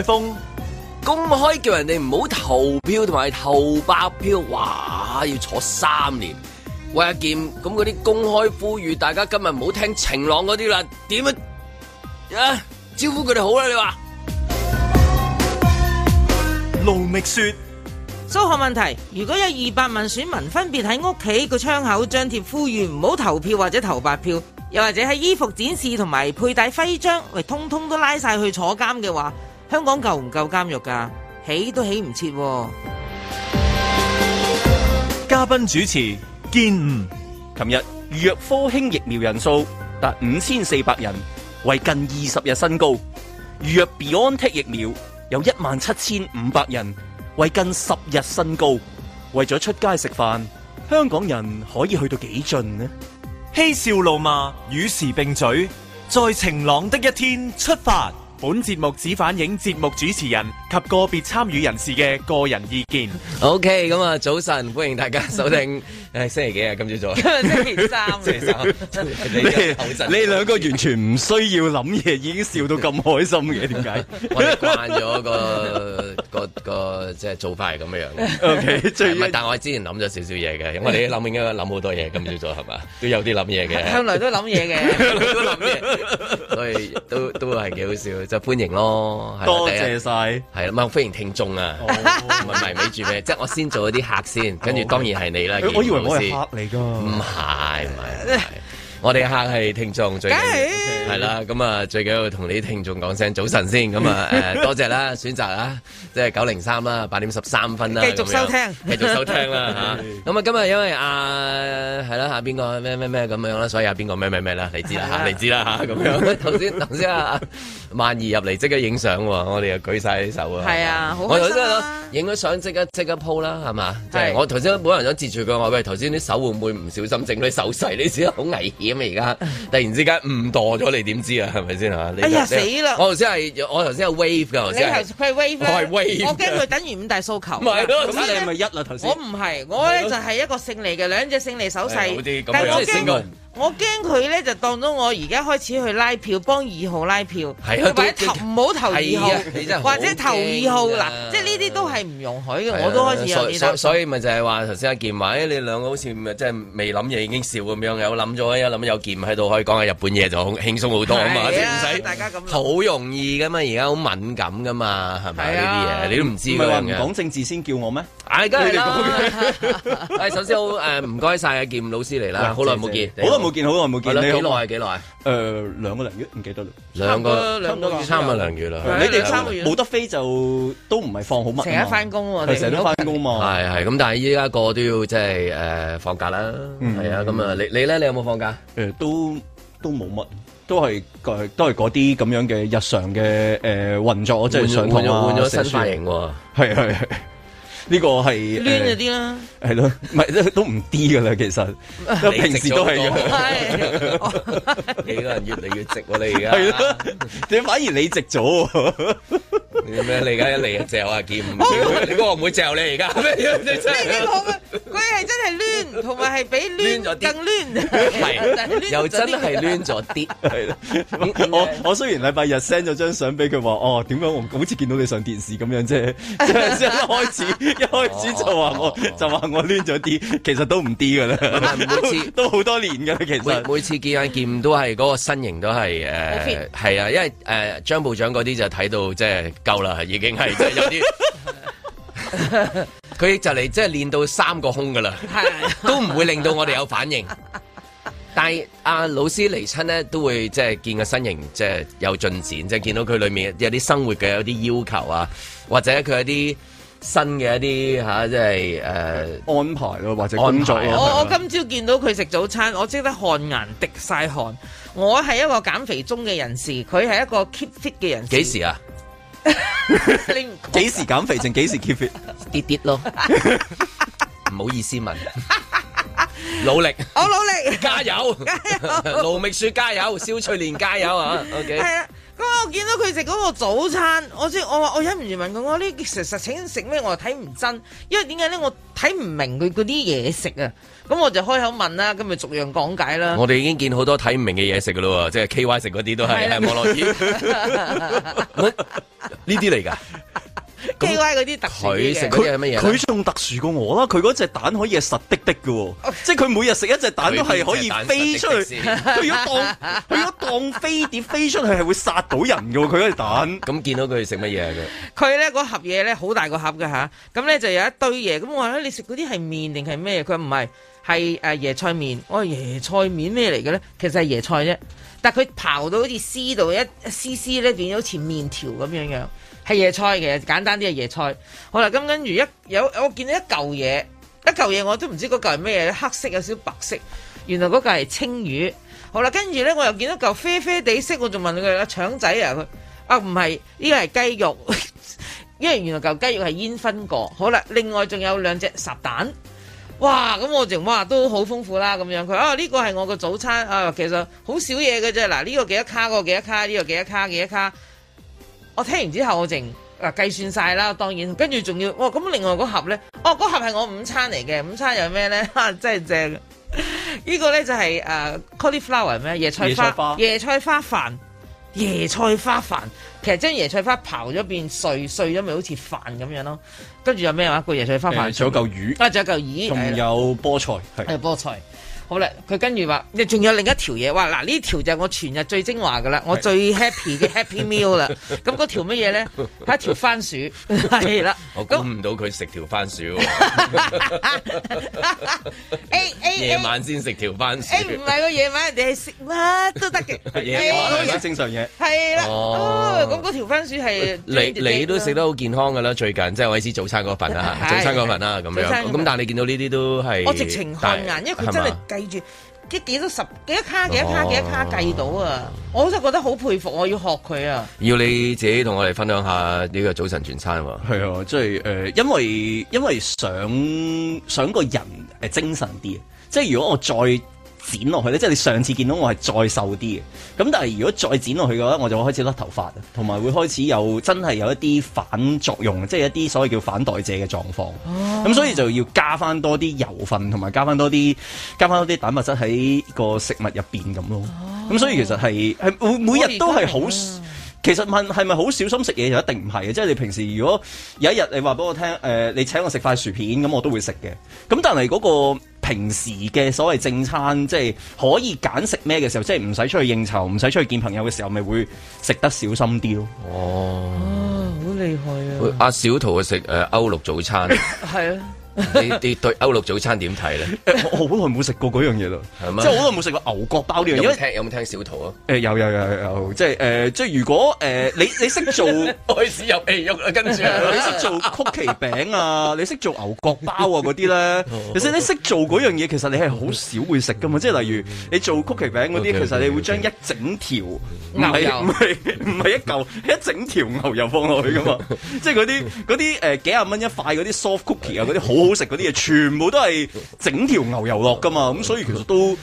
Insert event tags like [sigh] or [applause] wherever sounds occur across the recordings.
海公開叫人哋唔好投票同埋投白票，哇！要坐三年。喂，一劍咁嗰啲公開呼籲大家今日唔好聽晴朗嗰啲啦，點啊？招呼佢哋好啦，你話？盧覓雪，數學問題，如果有二百萬選民分別喺屋企個窗口張貼呼籲唔好投票或者投白票，又或者喺衣服展示同埋佩戴徽章，喂，通通都拉晒去坐監嘅話。香港夠唔夠監獄噶？起都起唔切啊。嘉賓主持見唔？琴日，預約科興疫苗人數達五千四百人，為近二十日新高；預約 BioNTech 疫苗有一萬七千五百人，為近十日新高。為咗出街食飯，香港人可以去到幾盡呢？嬉笑怒罵與時並嘴，在晴朗的一天出發。本節目只反映節目主持人及個別參與人士嘅個人意見。OK，咁啊早晨，歡迎大家收聽。誒，星期幾啊？今朝早。今日星期三。星期三。真係你口真。你兩個完全唔需要諗嘢，已經笑到咁開心嘅，點解？我哋慣咗個個個即係做法係咁樣樣嘅。OK，最唔係，但我之前諗咗少少嘢嘅。我哋諗應該諗好多嘢，今朝早係嘛？都有啲諗嘢嘅。向嚟都諗嘢嘅。都諗嘢。所以都都係幾好笑。就歡迎咯，多謝晒！係啦多謝，歡迎聽眾啊，唔係唔係住咩？ [laughs] 即係我先做啲客先，跟住當然係你啦。哦、okay, 我以為我係客嚟㗎，啊，唔係唔係。 [laughs] [laughs] 我哋客係聽眾最係啦，咁啊最緊要同你啲聽眾講聲早晨先，咁啊誒多謝啦，選擇啦，即係九零三啦，八點十三分啦，繼續收聽，繼續收聽啦吓。咁啊今日因為阿係啦吓邊個咩咩咩咁樣啦，所以阿邊個咩咩咩啦，你知啦吓，你知啦吓咁樣。頭先頭先啊，萬二入嚟即刻影相，我哋又舉晒啲手啊。係啊，好開心。我頭先影咗相，即刻即刻 po 啦，係嘛？係。我頭先冇人想截住佢，我話喂，頭先啲手會唔會唔小心整啲手勢？你知好危險。咁而家突然之間誤墮咗，你點知啊？係咪先啊？哎呀！死啦！我頭先係我頭先係 wave 㗎，我係 wave，我驚佢等於五大訴求。唔係咯？咁你咪一啦頭先。我唔係，我咧就係一個勝利嘅兩隻勝利手勢，但係我驚。就是我驚佢咧就當咗我而家開始去拉票，幫二號拉票，或者投唔好投二號，或者投二號嗱，即係呢啲都係唔容許嘅。我都開始 realised。所以咪就係話頭先阿劍話，誒你兩個好似唔係即係未諗嘢已經笑咁樣，有諗咗有諗有劍喺度可以講下日本嘢就輕鬆好多啊嘛，唔使大家咁好容易噶嘛，而家好敏感噶嘛，係咪呢啲嘢？你都唔知㗎。唔講政治先叫我咩？係梗係啦。係首先好誒，唔該晒阿劍老師嚟啦，好耐冇見，好耐冇。冇見好耐冇見，你幾耐？幾耐啊？誒兩個零月唔記得啦。兩個差唔多三個零月啦。你哋三個月冇得飛，就都唔係放好乜。成日翻工喎，成日翻工嘛。係係咁，但係依家個個都要即係誒放假啦。係啊，咁啊，你你咧？你有冇放假？誒都都冇乜，都係個都係嗰啲咁樣嘅日常嘅誒運作。我真係想同你換咗新髮型喎，係係係。呢個係、呃、亂咗啲啦，係咯，唔係都唔啲噶啦，其實 [laughs] 平時都係， [laughs] 你個人越嚟越直喎，啊，你而家係咯，你反而你直咗。 [laughs] 你咩，哦，你，你而家一嚟就揈阿劍，我唔會揈你而家。你已經好啦，佢係真係攣，同埋係比攣咗啲。更攣。係，又真係攣咗啲。係、 [laughs] 嗯、我我雖然禮拜日 send 咗張相俾佢話，哦點解我好似見到你上電視咁樣，即係即係一開始一開始就話我、哦、我，就話我攣咗啲，其實都唔啲㗎啦。每次都好多年㗎啦，其實。每，每次見阿劍都係嗰、嗰個身形都係誒係啊，因為誒張部長嗰啲就睇到即係。夠啦，已經係即係有啲，佢 [laughs] [laughs] 就嚟即係練到三個胸噶啦，是的 都唔會令到我哋有反應。 [laughs] 但係阿、啊、老師嚟親咧，都會即係見個身形即係有進展，即係見到佢裏面有啲生活嘅有啲要求啊，或者佢有啲新嘅一啲吓，即係誒安排咯、啊，或者工作、啊、安排、啊。我是的 我今朝見到佢食早餐，我即刻汗顏，滴晒汗，汗。我係一個減肥中嘅人士，佢係一個 keep fit 嘅人，人士。幾時啊？幾 [laughs] 時減肥定幾時 keep fit？啲啲咯，唔好意思問， [laughs] 努力，我努力， [laughs] 加油，加油，盧覓雪加油，蕭翠蓮加油 [laughs] [laughs] okay. 啊！OK，係啦。咁我見到佢食嗰個早餐，我先我話我忍唔住問佢：我呢實實請食咩？我睇唔真，因為點解咧？我睇唔明佢嗰啲嘢食啊！咁我就開口問啦，咁咪逐樣講解啦。我哋已經見好多睇唔明嘅嘢食噶咯，即係 K Y 食嗰啲都係網絡熱。呢啲嚟噶 K Y 嗰啲特殊嘅。佢食乜嘢乜嘢？佢仲特殊過我啦！佢嗰隻蛋可以係實滴滴嘅，即係佢每日食一隻蛋都係可以飛出去。佢如果當佢如果當飛碟飛出去係會殺到人嘅，佢嗰隻蛋。咁見到佢食乜嘢？佢咧嗰盒嘢咧，好大個盒嘅吓。咁咧就有一堆嘢。咁我話你食嗰啲係麵定係咩？佢話唔係。係誒、哦，椰菜麵。我話椰菜麵咩嚟嘅咧？其實係椰菜啫。但係佢刨到好似絲到一絲絲、一絲絲咧，變咗好似麵條咁樣樣。係椰菜嘅，簡單啲係椰菜。好啦，咁跟住一有我見到一嚿嘢，一嚿嘢我都唔知嗰嚿係咩嘢，黑色有少少白色，原來嗰嚿係青魚。好啦，跟住咧我又見到嚿啡啡地色，我仲問佢，阿腸仔啊佢，啊唔係，呢個係雞肉， [laughs] 因為原來嚿雞肉係煙熏過。好啦，另外仲有兩隻烚蛋。哇！咁我淨哇都好豐富啦咁樣佢啊呢、這個係我個早餐啊其實好少嘢嘅啫嗱呢個幾多卡、這個幾多卡呢、這個幾多卡幾多卡我聽完之後我淨啊計算晒啦當然跟住仲要哇咁、啊啊、另外嗰盒咧哦嗰盒係我午餐嚟嘅午餐又咩咧、啊、真正 [laughs] 個呢個咧就係、是、誒、uh, cauliflower 咩？椰菜花椰菜,菜,菜花飯。椰菜花飯，其實將椰菜花刨咗變碎，碎咗咪好似飯咁樣咯。跟住有咩話？個椰菜花飯仲有嚿魚，啊，仲有嚿魚，仲有菠菜，係菠菜。好啦，佢跟住話，你仲有另一條嘢，哇！嗱呢條就係我全日最精華㗎啦，我最 happy 嘅 happy meal 啦。咁嗰條乜嘢咧？係一條番薯，係啦。我估唔到佢食條番薯。夜晚先食條番薯，唔係個夜晚，你係食乜都得嘅，正常嘢。係啦，咁嗰條番薯係，你你都食得好健康㗎啦。最近即係我早餐嗰份啦，早餐嗰份啦，咁樣。咁但係你見到呢啲都係，我直情汗眼，因為佢真係。記住，即幾多十幾多卡、哦、幾多卡幾多卡計到啊！哦、了我真係覺得好佩服，我要學佢啊！要你自己同我哋分享下呢個早晨全餐 [noise] 啊！嘛、就是。係啊，即係誒，因為因為想想個人誒精神啲，啊。即係如果我再。剪落去咧，即係你上次見到我係再瘦啲嘅，咁但係如果再剪落去嘅話，我就開始甩頭髮，同埋會開始有真係有一啲反作用，即係一啲所謂叫反代謝嘅狀況。咁、哦嗯、所以就要加翻多啲油分，同埋加翻多啲加翻多啲蛋白質喺個食物入邊咁咯。咁、哦嗯、所以其實係每，每日都係好，啊、其實問係咪好小心食嘢就一定唔係，即係你平時如果有一日你話俾我聽，誒、呃、你請我食塊薯片咁，我都會食嘅。咁但係嗰、嗰個。平時嘅所謂正餐，即係可以揀食咩嘅時候，即係唔使出去應酬，唔使出去見朋友嘅時候，咪會食得小心啲咯。哦哇，啊，好厲害啊！阿、啊、小桃去食誒歐陸早餐，係啊。你你對歐陸早餐點睇咧？誒，我好耐冇食過嗰樣嘢咯，係嘛？即係好耐冇食過牛角包呢樣嘢。有冇聽小圖啊？誒，有有有有，即係誒，即係如果誒，你你識做開始入跟住你識做曲奇餅啊？你識做牛角包啊？嗰啲咧，其實你識做嗰樣嘢，其實你係好少會食㗎嘛。即係例如你做曲奇餅嗰啲，其實你會將一整條牛油，唔係唔係一嚿一整條牛油放落去㗎嘛。即係嗰啲嗰啲誒幾廿蚊一塊嗰啲 soft cookie 啊，嗰啲好～好食嗰啲嘢，全部都係整條牛油落㗎嘛，咁所以其實都。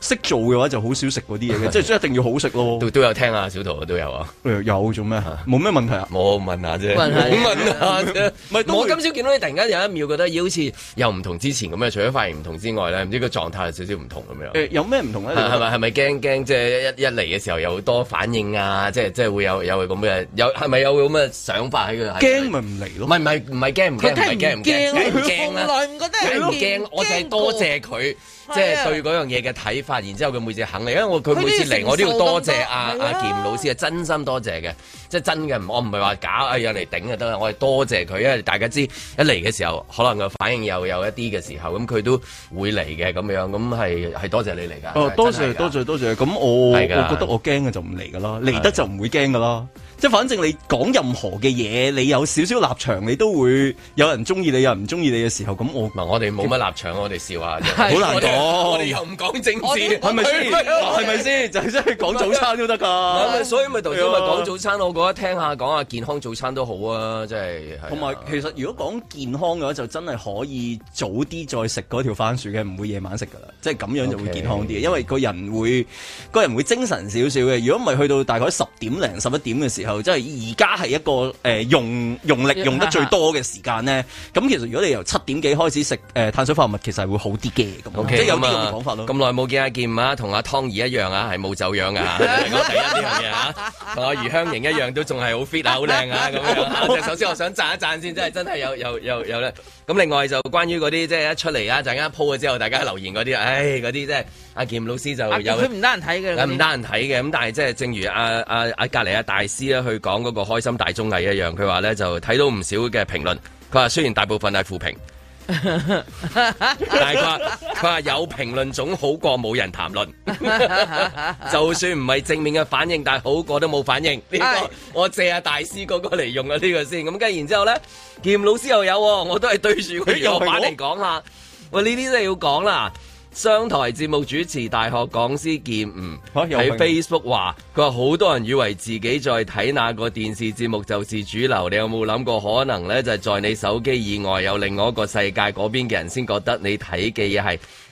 識做嘅話就好少食嗰啲嘢，嘅，即係一定要好食咯。都有聽啊，小圖都有啊。有做咩？冇咩問題啊？冇問下啫。問係？問啊？唔係。我今朝見到你，突然間有一秒覺得，好似又唔同之前咁樣！除咗髮型唔同之外咧，唔知個狀態有少少唔同咁樣。有咩唔同咧？係咪係咪驚驚？即係一一嚟嘅時候有好多反應啊？即係即係會有有咁嘅有係咪有咁嘅想法喺度？驚咪唔嚟咯。唔係唔係唔係驚唔驚？唔驚唔驚？你唔驚咩？我從來唔覺得你驚。我淨係多謝佢。即係對嗰樣嘢嘅睇法，然之後佢每次肯嚟，因為我佢每次嚟，我都要多謝阿、啊、阿的、啊啊、劍老師啊，真心多謝嘅，即係真嘅，我唔係話假、哎，有人嚟頂就得啦，我係多謝佢，因為大家知一嚟嘅時候，可能個反應又有一啲嘅時候，咁、嗯、佢都會嚟嘅咁樣，咁係係多謝你嚟噶。多謝多謝多謝，咁我的我覺得我驚嘅就唔嚟噶囉，嚟得就唔會驚噶囉。即係反正你講任何嘅嘢，你有少少立場，你都會有人中意你，有人唔中意你嘅時候，咁我，我哋冇乜立場，我哋笑下，好難講，我哋又唔講政治，係咪先？係咪先？就係真係講早餐都得噶，所以咪頭先咪講早餐，我覺得聽下講下健康早餐都好啊，即係。同埋其實如果講健康嘅話，就真係可以早啲再食嗰條番薯嘅，唔會夜晚食噶啦，即係咁樣就會健康啲，因為個人會個人會精神少少嘅。如果唔係去到大概十點零十一點嘅時候。就即係而家係一個誒、呃、用用力用得最多嘅時間咧，咁、嗯、其實如果你由七點幾開始食誒、呃、碳水化合物，其實係會好啲嘅。咁 O K，即係有呢個講法咯。咁耐冇見阿劍啊，同阿湯儀一樣啊，係冇走樣噶，啊。就是，我第一呢樣嘢啊，同 [laughs] 阿余香瑩一樣，都仲係好 fit 啊，好靚啊咁樣啊。 [laughs] 首先我想贊一贊先，真係真係有有有有咧。有咁另外就關於嗰啲即係一出嚟啊，陣間 po 咗之後，大家留言嗰啲，唉，嗰啲即係阿劍老師就有佢唔、啊、有得人睇嘅，唔些得人睇嘅。咁但係即係正如阿阿阿隔離阿大師咧去講嗰個開心大綜藝一樣，佢話咧就睇到唔少嘅評論。佢話雖然大部分係負評。 [laughs] 但係佢，佢話 [laughs] 有評論總好過冇人談論，就算唔係正面嘅反應，但係好過都冇反應，這個。呢個唉我借下大師嗰個嚟用啊，呢個先。咁跟住，然之後咧，劍老師又有、啊，我都係對住佢坐板嚟講下。喂，呢啲都係要講啦。商台節目主持大學講師健吾喺 Facebook 話：佢話好多人以為自己在睇那個電視節目就是主流，你有冇諗過可能呢就係在你手機以外有另外一個世界嗰邊嘅人先覺得你睇嘅嘢係？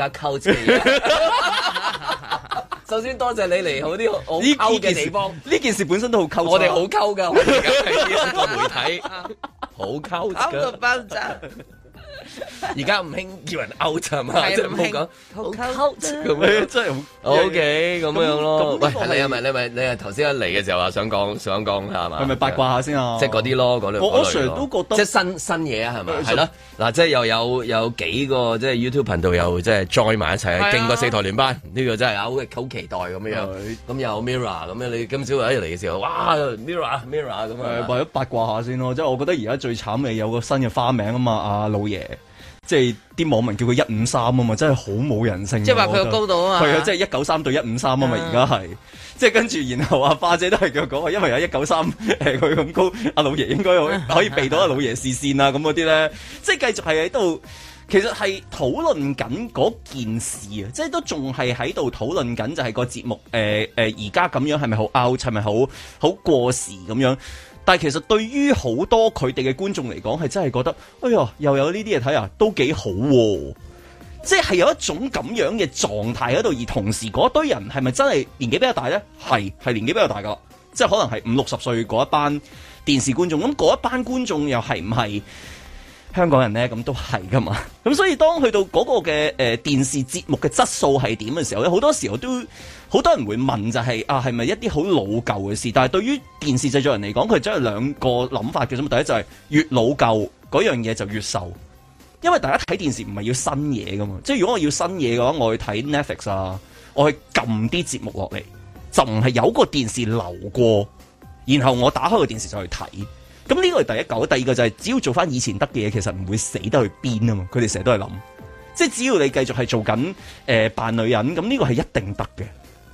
而家溝錢。首先多謝你嚟好啲好溝嘅地方。呢件事本身都好溝，我哋好溝㗎，我哋嘅媒體好溝㗎。爆炸。而家唔興叫人 out 係嘛？即係唔好講，好 out 咁真係 OK 咁樣樣咯。喂，係咪你咪你係頭先一嚟嘅時候話想講想講係嘛？係咪八卦下先啊？即係嗰啲咯，嗰啲我我成日都覺得即係新新嘢啊，係咪？係咯，嗱，即係又有有幾個即係 YouTube 頻道又即係 join 埋一齊，勁過四台聯班，呢個真係好期待咁樣樣。咁有 Mirror 咁樣，你今朝一嚟嘅時候，哇，Mirror Mirror 咁樣，為咗八卦下先咯。即係我覺得而家最慘咪有個新嘅花名啊嘛，阿老爺。即係啲網民叫佢一五三啊嘛，真係好冇人性。即係話佢個高度啊嘛，係啊，即係一九三到一五三啊嘛，而家係，即係跟住然後阿花姐都係叫佢講，因為有一九三誒佢咁高，阿老爺應該可以避到阿老爺視線啊咁，嗰啲咧，即係繼續係喺度，其實係討論緊嗰件事啊，即係都仲係喺度討論緊，就係個節目誒誒而家咁樣係咪好 out？u 係咪好好過時咁樣。但係其實對於好多佢哋嘅觀眾嚟講，係真係覺得，哎呀，又有呢啲嘢睇啊，都幾好啊，即係有一種咁樣嘅狀態喺度。而同時，嗰堆人係咪真係年紀比較大呢？係，係年紀比較大噶，即係可能係五六十歲嗰一班電視觀眾。咁嗰一班觀眾又係唔係香港人呢？咁都係噶嘛。咁所以當去到嗰個嘅誒、呃、電視節目嘅質素係點嘅時候，好多時候都。.好多人會問就係、是、啊，係咪一啲好老舊嘅事？但係對於電視製作人嚟講，佢真係兩個諗法嘅啫。第一就係越老舊嗰樣嘢就越瘦，因為大家睇電視唔係要新嘢噶嘛。即係如果我要新嘢嘅話，我去睇 Netflix 啊，我去撳啲節目落嚟，就唔係有個電視流過，然後我打開個電視就去睇。咁呢個係第一舊。第二個就係只要做翻以前得嘅嘢，其實唔會死得去邊啊嘛。佢哋成日都係諗，即係只要你繼續係做緊誒、呃、扮女人，咁、嗯、呢、這個係一定得嘅。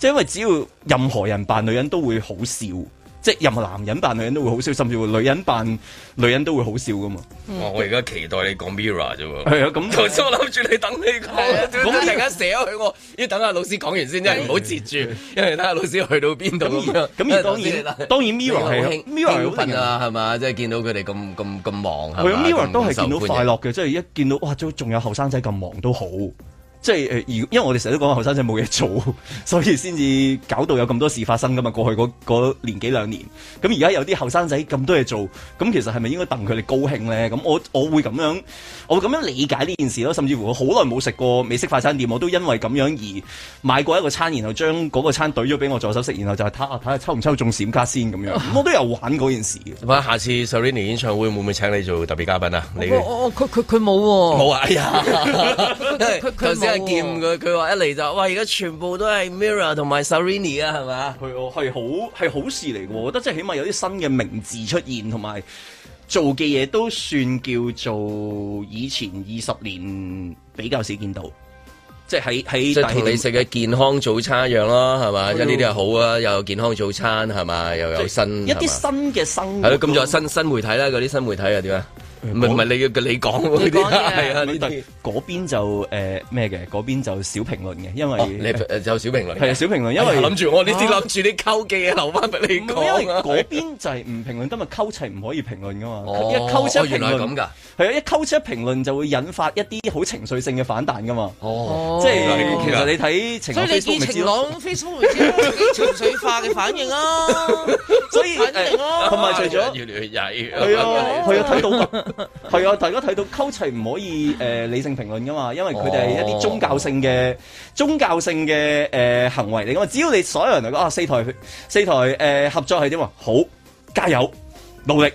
因為只要任何人扮女人都會好笑，即係任何男人扮女人都會好笑，甚至乎女人扮女人都會好笑噶嘛。我而家期待你講 Mirror 啫喎。係啊，咁頭先我諗住你等你講，唔好突然間寫佢喎，要等下老師講完先，即係唔好截住，因為等下老師去到邊度。咁而咁當然當然 Mirror 係 Mirror 好啲啦，係嘛？即係見到佢哋咁咁咁忙，係咪啊？Mirror 都係見到快樂嘅，即係一見到哇，仲有後生仔咁忙都好。即係誒，因為我哋成日都講後生仔冇嘢做，所以先至搞到有咁多事發生噶嘛。過去嗰年幾兩年，咁而家有啲後生仔咁多嘢做，咁其實係咪應該戥佢哋高興咧？咁我我會咁樣，我會咁樣理解呢件事咯。甚至乎我好耐冇食過美式快餐店，我都因為咁樣而買過一個餐，然後將嗰個餐懟咗俾我助手食，然後就係睇下睇下抽唔抽中閃卡先咁樣。 [laughs] 我都有玩嗰件事嘅。咁啊，下次 Serrini 演唱會會唔會，會請你做特別嘉賓啊？你我我佢佢佢冇喎。冇啊！哎呀， [laughs] [laughs] [laughs] 佢，佢話一嚟就，哇，而家全部都係 Mirror 同埋 Sarini 啊，係咪啊？佢我係好係好事嚟嘅，我覺得即係起碼有啲新嘅名字出現，同埋做嘅嘢都算叫做以前二十年比較少見到，即係喺喺同你食嘅健康早餐一樣咯，係嘛？因為呢啲又好啊，又有健康早餐係咪？又有新一啲新嘅生係咯，咁仲有新新，新媒體啦，嗰啲新媒體又點啊？唔係唔係你嘅你講，係啊，嗰邊就誒咩嘅，嗰邊就小評論嘅，因為你誒就少評論。係啊，小評論，因為諗住我哋先諗住你啲溝機留翻俾你講。嗰邊就係唔評論，今日溝齊唔可以評論噶嘛。一溝出評論就會引發一啲好情緒性嘅反彈噶嘛。哦，即係其實你睇晴朗，晴朗 Facebook 情緒化嘅反應咯。反應咯，同埋除咗越嚟越曳，係啊係啊，睇到。係啊，大家睇到溝齊唔可以誒理性評論噶嘛，因為佢哋係一啲宗教性嘅宗教性嘅誒行為嚟噶嘛。只要你所有人嚟講啊，四台四台誒合作係點啊，好加油努力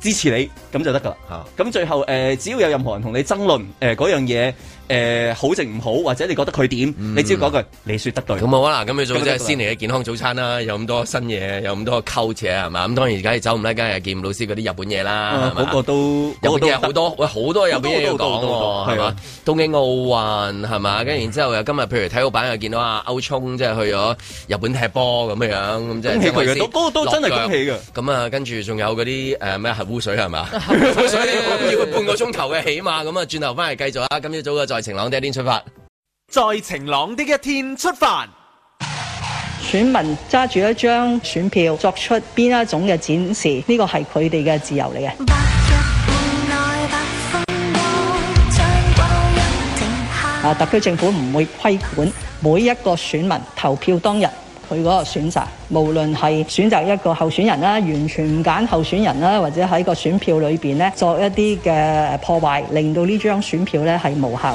支持你咁就得噶啦。咁最後誒，只要有任何人同你爭論誒嗰樣嘢。誒、呃，好定唔好，或者你覺得佢點？你只要講句，你説得對。咁、嗯、好啦，咁你早即係先嚟嘅健康早餐啦，有咁多新嘢，有咁多溝扯，係嘛？咁當然而家又走唔甩，梗係見老師嗰啲日本嘢啦。嗰、啊那個都有好多，好得多日本嘢都講喎，嘛？東吧、啊、京奧運係嘛？跟然之後今日，譬如體育版又見到阿歐聰，即係去咗日本踢波咁嘅樣，咁即係恭喜佢，都，都，都着真係恭喜嘅。咁啊，跟住仲有嗰啲誒咩核污水係嘛？污水要半個鐘頭嘅起碼？咁啊，轉頭翻嚟繼續啊。今朝早嘅在晴朗的一天出發，在晴朗的一天出發。選民揸住一張選票作出邊一種嘅展示，呢個係佢哋嘅自由嚟嘅。啊，特區政府唔會規管每一個選民投票當日。佢嗰個選擇，無論係選擇一個候選人啦，完全唔揀候選人啦，或者喺個選票裏邊咧作一啲嘅破壞，令到呢張選票咧係無效。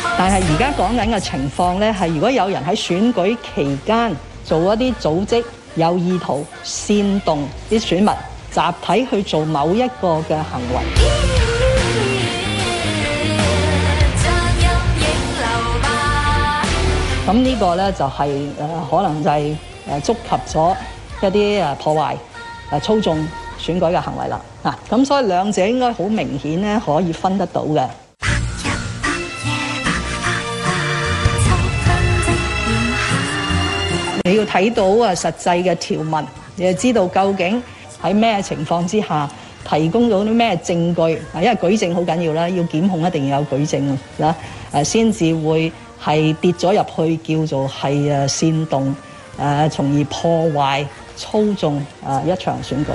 啊、但係而家講緊嘅情況咧，係如果有人喺選舉期間做一啲組織有意圖煽動啲選民集體去做某一個嘅行為。咁呢個咧就係、是、誒可能就係誒觸及咗一啲誒破壞誒操縱選舉嘅行為啦，嗱、啊、咁所以兩者應該好明顯咧可以分得到嘅。 [music] 你要睇到啊實際嘅條文，你就知道究竟喺咩情況之下提供咗啲咩證據啊，因為舉證好緊要啦，要檢控一定要有舉證啊，先、啊、至會。係跌咗入去，叫做係誒煽動，誒、呃、從而破壞、操縱誒、啊、一場選舉。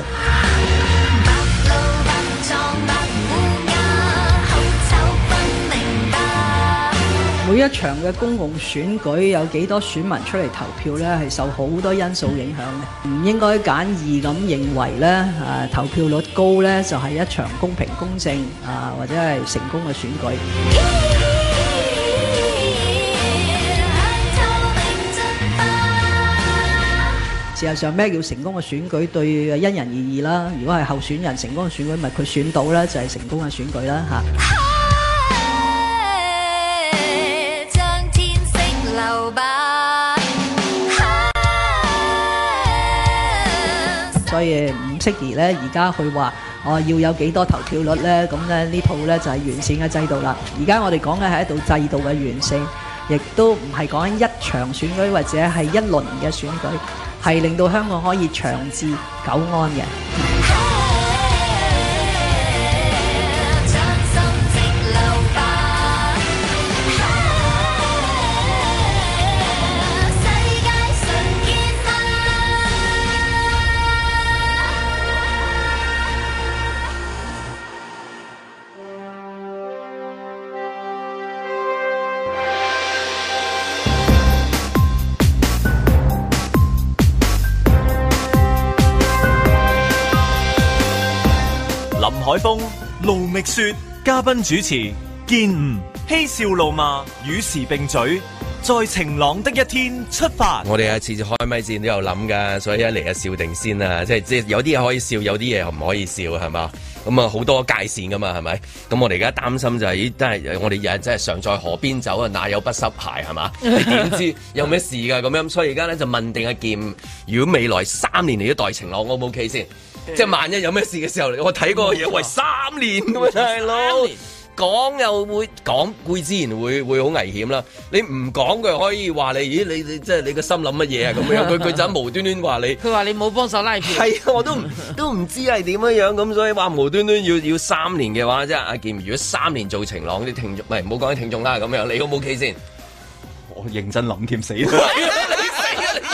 每一場嘅公共選舉有幾多選民出嚟投票咧？係受好多因素影響嘅，唔應該簡易咁認為咧誒、啊、投票率高咧就係、是、一場公平公正啊或者係成功嘅選舉。事實上，咩叫成功嘅選舉？對，因人而異啦。如果係候選人成功嘅選舉，咪佢選到啦，就係、是、成功嘅選舉啦。嚇！所以唔適宜咧，而家佢話哦要有幾多投票率咧？咁咧呢套咧就係、是、完善嘅制度啦。而家我哋講嘅係一度制度嘅完善，亦都唔係講緊一場選舉或者係一輪嘅選舉。係令到香港可以長治久安嘅。說嘉賓主持劍誤嬉笑怒罵與時並嘴，在晴朗的一天出發。我哋啊次次開咪戰都有諗噶，所以一嚟，啊笑定先啊，即係即係有啲嘢可以笑，有啲嘢又唔可以笑，係嘛？咁啊好多界線噶嘛，係咪？咁我哋而家擔心就係、是、咦，真係我哋日日真係常在河邊走啊，哪有不濕鞋，係嘛？你點知有咩事噶？咁樣，所以而家咧就問定阿劍，如果未來三年嚟都待晴朗，O 唔 O K 先？即係萬一有咩事嘅時候，我睇過嘢喂，三年喎大佬。講又會講固之然會會好危險啦。你唔講佢可以話你，咦你你即係你個心諗乜嘢啊咁樣？佢佢就無端端話你。佢話你冇幫手拉票。係啊，我都都唔知係點樣樣咁，所以話無端端， [laughs] 無端，端要要三年嘅話，即係阿健，如果三年做晴朗啲聽眾，唔係唔好講啲聽眾啦，咁樣你 O 唔 O K 先？我認真諗，添，死啦！ [laughs]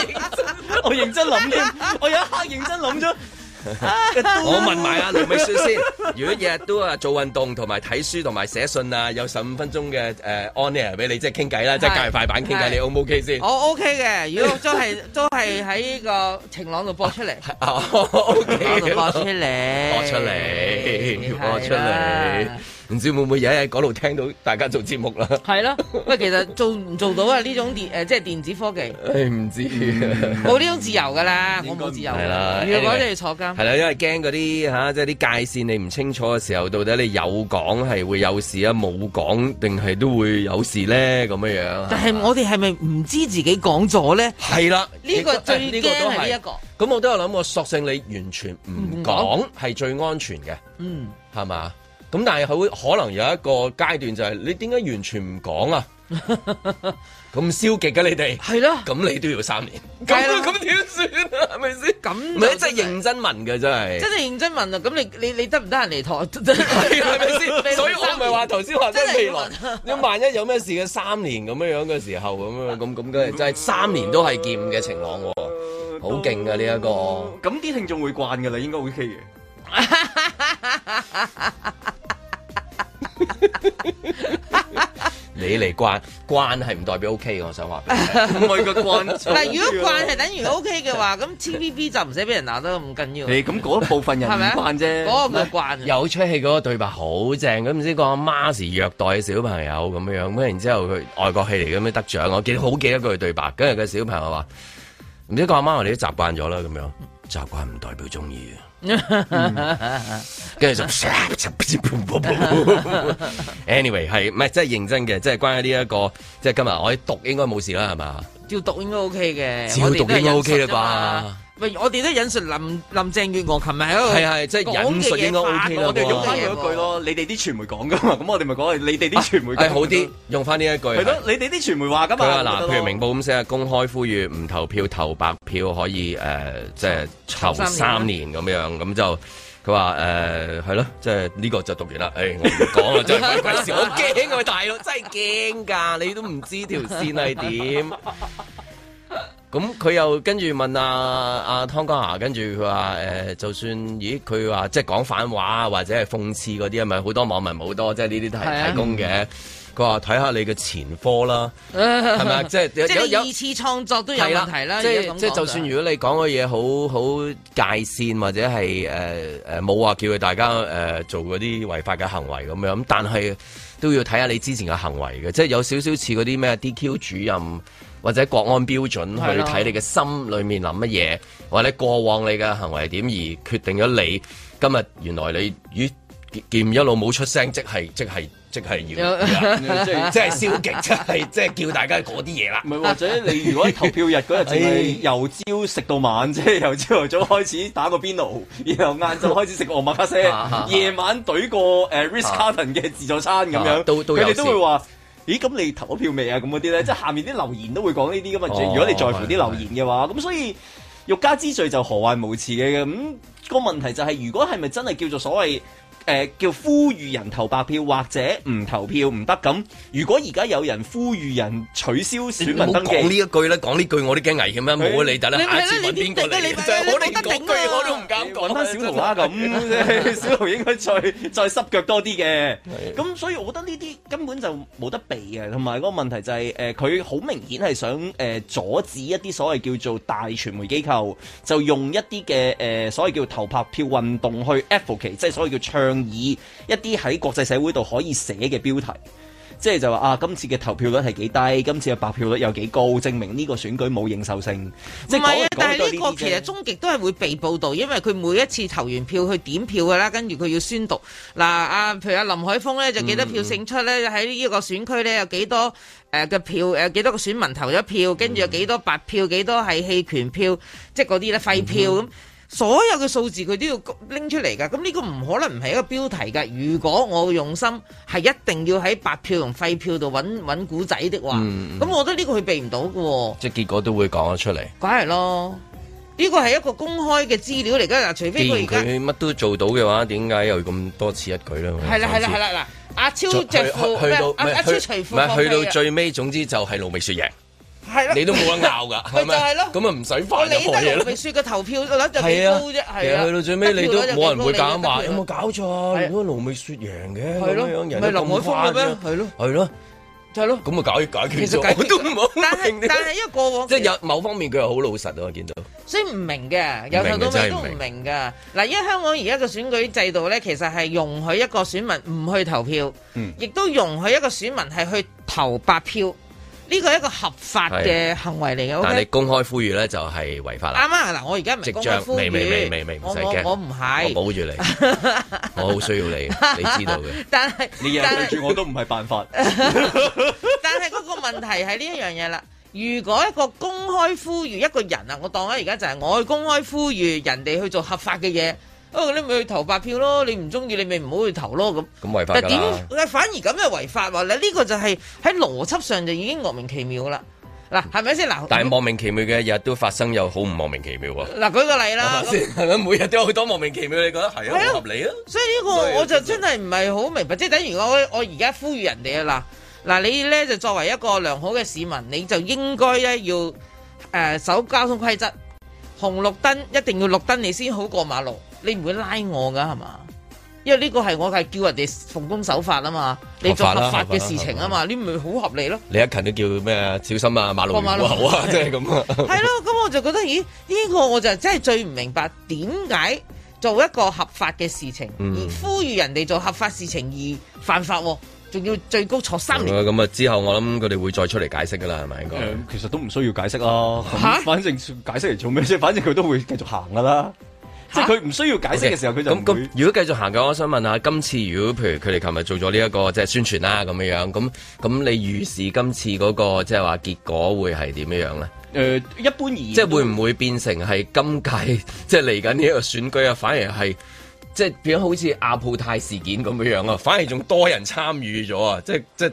[laughs] [laughs] 你死啊！你認真，我認真諗咗，我有一刻認真諗咗。 [laughs] [laughs] 我問埋阿梁美雪先，如果日日都啊做運動同埋睇書同埋寫信啊，有十五分鐘嘅誒 on air 俾你，即係傾偈啦，即係隔快板傾偈，你 O 唔 O K 先？我 O K 嘅，如果都係都係喺個晴朗度播出嚟，哦 O K，播出嚟，播出嚟，播出嚟。唔知會唔會有日喺嗰度聽到大家做節目啦？係咯，喂，其實做唔做到啊？呢種電誒，即係電子科技，唔知。我冇呢種自由噶啦，我冇自由。係啦，如果你坐監係啦，因為驚嗰啲嚇，即係啲界線你唔清楚嘅時候，到底你有講係會有事啊，冇講定係都會有事咧，咁樣樣。但係我哋係咪唔知自己講咗咧？係啦，呢個最驚係呢一個。咁我都有諗過，索性你完全唔講係最安全嘅。嗯，係嘛？咁但係佢會可能有一個階段，就係你點解完全唔講啊？咁消極嘅你哋係囉，咁你都要三年，咁咁點算啊？係咪先？咁，係真係認真問嘅真係，真係認真問啊！咁你你你得唔得人嚟托？係咪先？所以我唔係話頭先話真係未問。你萬一有咩事嘅三年咁樣樣嘅時候，咁樣咁咁嘅，真係三年都係劍嘅情郎，好勁嘅呢一個。咁啲聽眾會慣噶啦，應該 OK 嘅。 [laughs] 你嚟慣慣係唔代表 O、OK、K 我想、 [laughs] [laughs] OK、話。唔係個慣。嗱，如果慣係等於 O K 嘅話，咁 T V B 就唔使俾人鬧得咁緊要。你咁嗰部分人唔咪？啫， [laughs] 嗰個唔慣。有出戲嗰個對白好正，咁唔知個阿媽是虐待小朋友咁樣，咁然之後佢外國戲嚟咁樣得獎，我記得好記得佢對白，跟、那、住個小朋友話唔知個阿媽我哋都習慣咗啦，咁樣習慣唔代表中意。跟住就，anyway 係唔係真係認真嘅，即係關於呢一個，即係今日我喺讀應該冇事啦，係嘛？要讀應該 OK 嘅，照讀應該 OK 啦吧。我哋都引述林林鄭月娥，琴日喺度引述，應該 OK。我哋用翻佢句咯。你哋啲傳媒講噶嘛？咁我哋咪講你哋啲傳媒係好啲，用翻呢一句。係咯，你哋啲傳媒話噶嘛？嗱，譬如明報咁寫，公開呼籲唔投票投白票，可以誒，即係囚三年咁樣，咁就佢話誒，係咯，即係呢個就讀完啦。誒，我唔講啦，真係嗰時我驚大佬，真係驚噶，你都唔知條線係點。咁佢又跟住問阿阿湯家驊，跟住佢話誒，就算咦，佢話即係講反話或者係諷刺嗰啲，咪好多網民冇多，即係呢啲都係提供嘅。佢話睇下你嘅前科啦，係咪？即係即係二次創作都有問題啦。即即係就算如果你講嘅嘢好好界線，或者係誒誒冇話叫佢大家誒做嗰啲違法嘅行為咁樣，咁但係都要睇下你之前嘅行為嘅，即係有少少似嗰啲咩 DQ 主任。或者國安標準去睇是、啊、你嘅心裏面諗乜嘢，或者過往你嘅行為點而決定咗你今日，原來你與劍一路冇出聲，即係即係即係要， [laughs] 即係即係消極，即係即係叫大家嗰啲嘢啦。唔係或者你如果投票日嗰日，你由朝食到晚即啫， [laughs] 哎、 [laughs] 由朝頭早開始打個邊爐，然後晏晝開始食個麥卡啡，夜 [laughs] 晚懟個誒 Ritz-Carlton 嘅自助餐咁樣，佢哋 [laughs] 都會話。咦，咁你投咗票未啊？咁嗰啲咧，即係下面啲留言都會講呢啲㗎嘛。嘢、哦。如果你在乎啲留言嘅話，咁、哦、所以欲加之罪就何患無辭嘅咁個問題就係、是，如果係咪真係叫做所謂？誒、呃，叫呼籲人投白票或者唔投票唔得咁。如果而家有人呼籲人取消選民登記，呢一句咧，講呢句我都驚危險啊！冇的理得啦，下次搵邊個嚟？冇呢得我都唔敢講。睇小桃啦，咁小桃應該再再濕腳多啲嘅。咁的所以我覺得呢啲根本就冇得避嘅，同埋嗰個問題就係、是、誒、佢、呃、好明顯係想誒、呃、阻止一啲所謂叫做大傳媒機構，就用一啲嘅誒，所謂叫投白票運動去 effort 其，即係所謂叫唱。以一啲喺國際社會度可以寫嘅標題，即係就話、是、啊，今次嘅投票率係幾低，今次嘅白票率有幾高，證明呢個選舉冇認受性。唔係啊，但係呢個其實終極都係會被報導，因為佢每一次投完票去點票㗎喇，跟住佢要宣讀嗱啊，譬如阿林海峰呢，就幾多票勝出呢？喺呢、嗯嗯、個選區呢，有、呃、幾、呃、多誒嘅票誒幾多個選民投咗票，跟住、嗯嗯、有幾多白票，幾多係棄權票，即係嗰啲咧廢票咁。嗯嗯嗯所有嘅數字佢都要拎出嚟噶，咁呢個唔可能唔係一個標題噶。如果我用心係一定要喺白票同廢票度揾揾古仔的話，咁、嗯、我覺得呢個佢避唔到嘅。即係結果都會講得出嚟。梗係咯，呢個係一個公開嘅資料嚟噶，除非佢乜都做到嘅話，點解又咁多此一舉咧？係啦係啦係啦嗱，阿、啊啊啊啊啊啊、超著褲阿超除褲，去到最尾，總之就係盧美雪贏。係啦，你都冇得拗噶，係咪？係咯，咁啊唔使發婆嘢咯。我理得盧美雪個投票率就高啫，係啊。去到最尾你都冇人會講話有冇搞錯？如果盧美雪贏嘅，係咯，唔係林海峰嘅咩？係咯，係咯，就係咯。咁啊解搞決咗，其實都唔好。但係但係因為過往即係有某方面佢係好老實啊，我見到。所以唔明嘅由頭到尾都唔明噶。嗱，因為香港而家個選舉制度咧，其實係容許一個選民唔去投票，嗯，亦都容許一個選民係去投白票。呢個一個合法嘅行為嚟嘅，但係你公開呼籲咧就係違法啦。啱啱！嗱，我而家唔係公開呼籲，未未未未未唔使驚。我我我唔係，我保住你，我好需要你，你知道嘅。但係你日對住我都唔係辦法。但係嗰個問題係呢一樣嘢啦。如果一個公開呼籲一個人啊，我當咗而家就係我去公開呼籲人哋去做合法嘅嘢。哦，你咪去投白票咯。你唔中意，你咪唔好去投咯。咁咁違法噶啦。但係反而咁又違法喎。嗱，呢個就係喺邏輯上就已經莫名其妙啦。嗱，係咪先嗱？但係莫名其妙嘅日都發生，又好唔莫名其妙啊。嗱，舉個例啦，係咪？每日都有好多莫名其妙，你覺得係啊，好合理啊。所以呢個我就真係唔係好明白，即係等於我我而家呼籲人哋啊。嗱嗱，你咧就作為一個良好嘅市民，你就應該咧要誒守交通規則，紅綠燈一定要綠燈，你先好過馬路。你唔會拉我噶係嘛？因為呢個係我係叫人哋奉公守法啊嘛，你做合法嘅事情啊嘛，你咪好合理咯。李克勤都叫咩？小心啊，馬路如虎口啊，即係咁啊。係咯吧，咁、啊、 [laughs] 我就覺得，咦？呢、這個我就真係最唔明白，點解做一個合法嘅事情，而、嗯、呼籲人哋做合法事情而犯法，仲要最高坐三年？咁啊、嗯，之後我諗佢哋會再出嚟解釋噶啦，係咪？應該其實都唔需要解釋咯。吓，反正解釋嚟做咩啫？反正佢都會繼續行噶啦。啊、即係佢唔需要解釋嘅時候，佢 Okay. 就咁咁。如果繼續行緊，我想問下，今次如果譬如佢哋琴日做咗呢一個即係宣傳啦咁樣樣，咁咁你預示今次嗰、那個即係話結果會係點樣樣咧？誒、呃，一般而言即係會唔會變成係今屆 [laughs] 即係嚟緊呢一個選舉啊？反而係即係變得好似阿布泰事件咁樣樣啊？反而仲多人參與咗啊！即即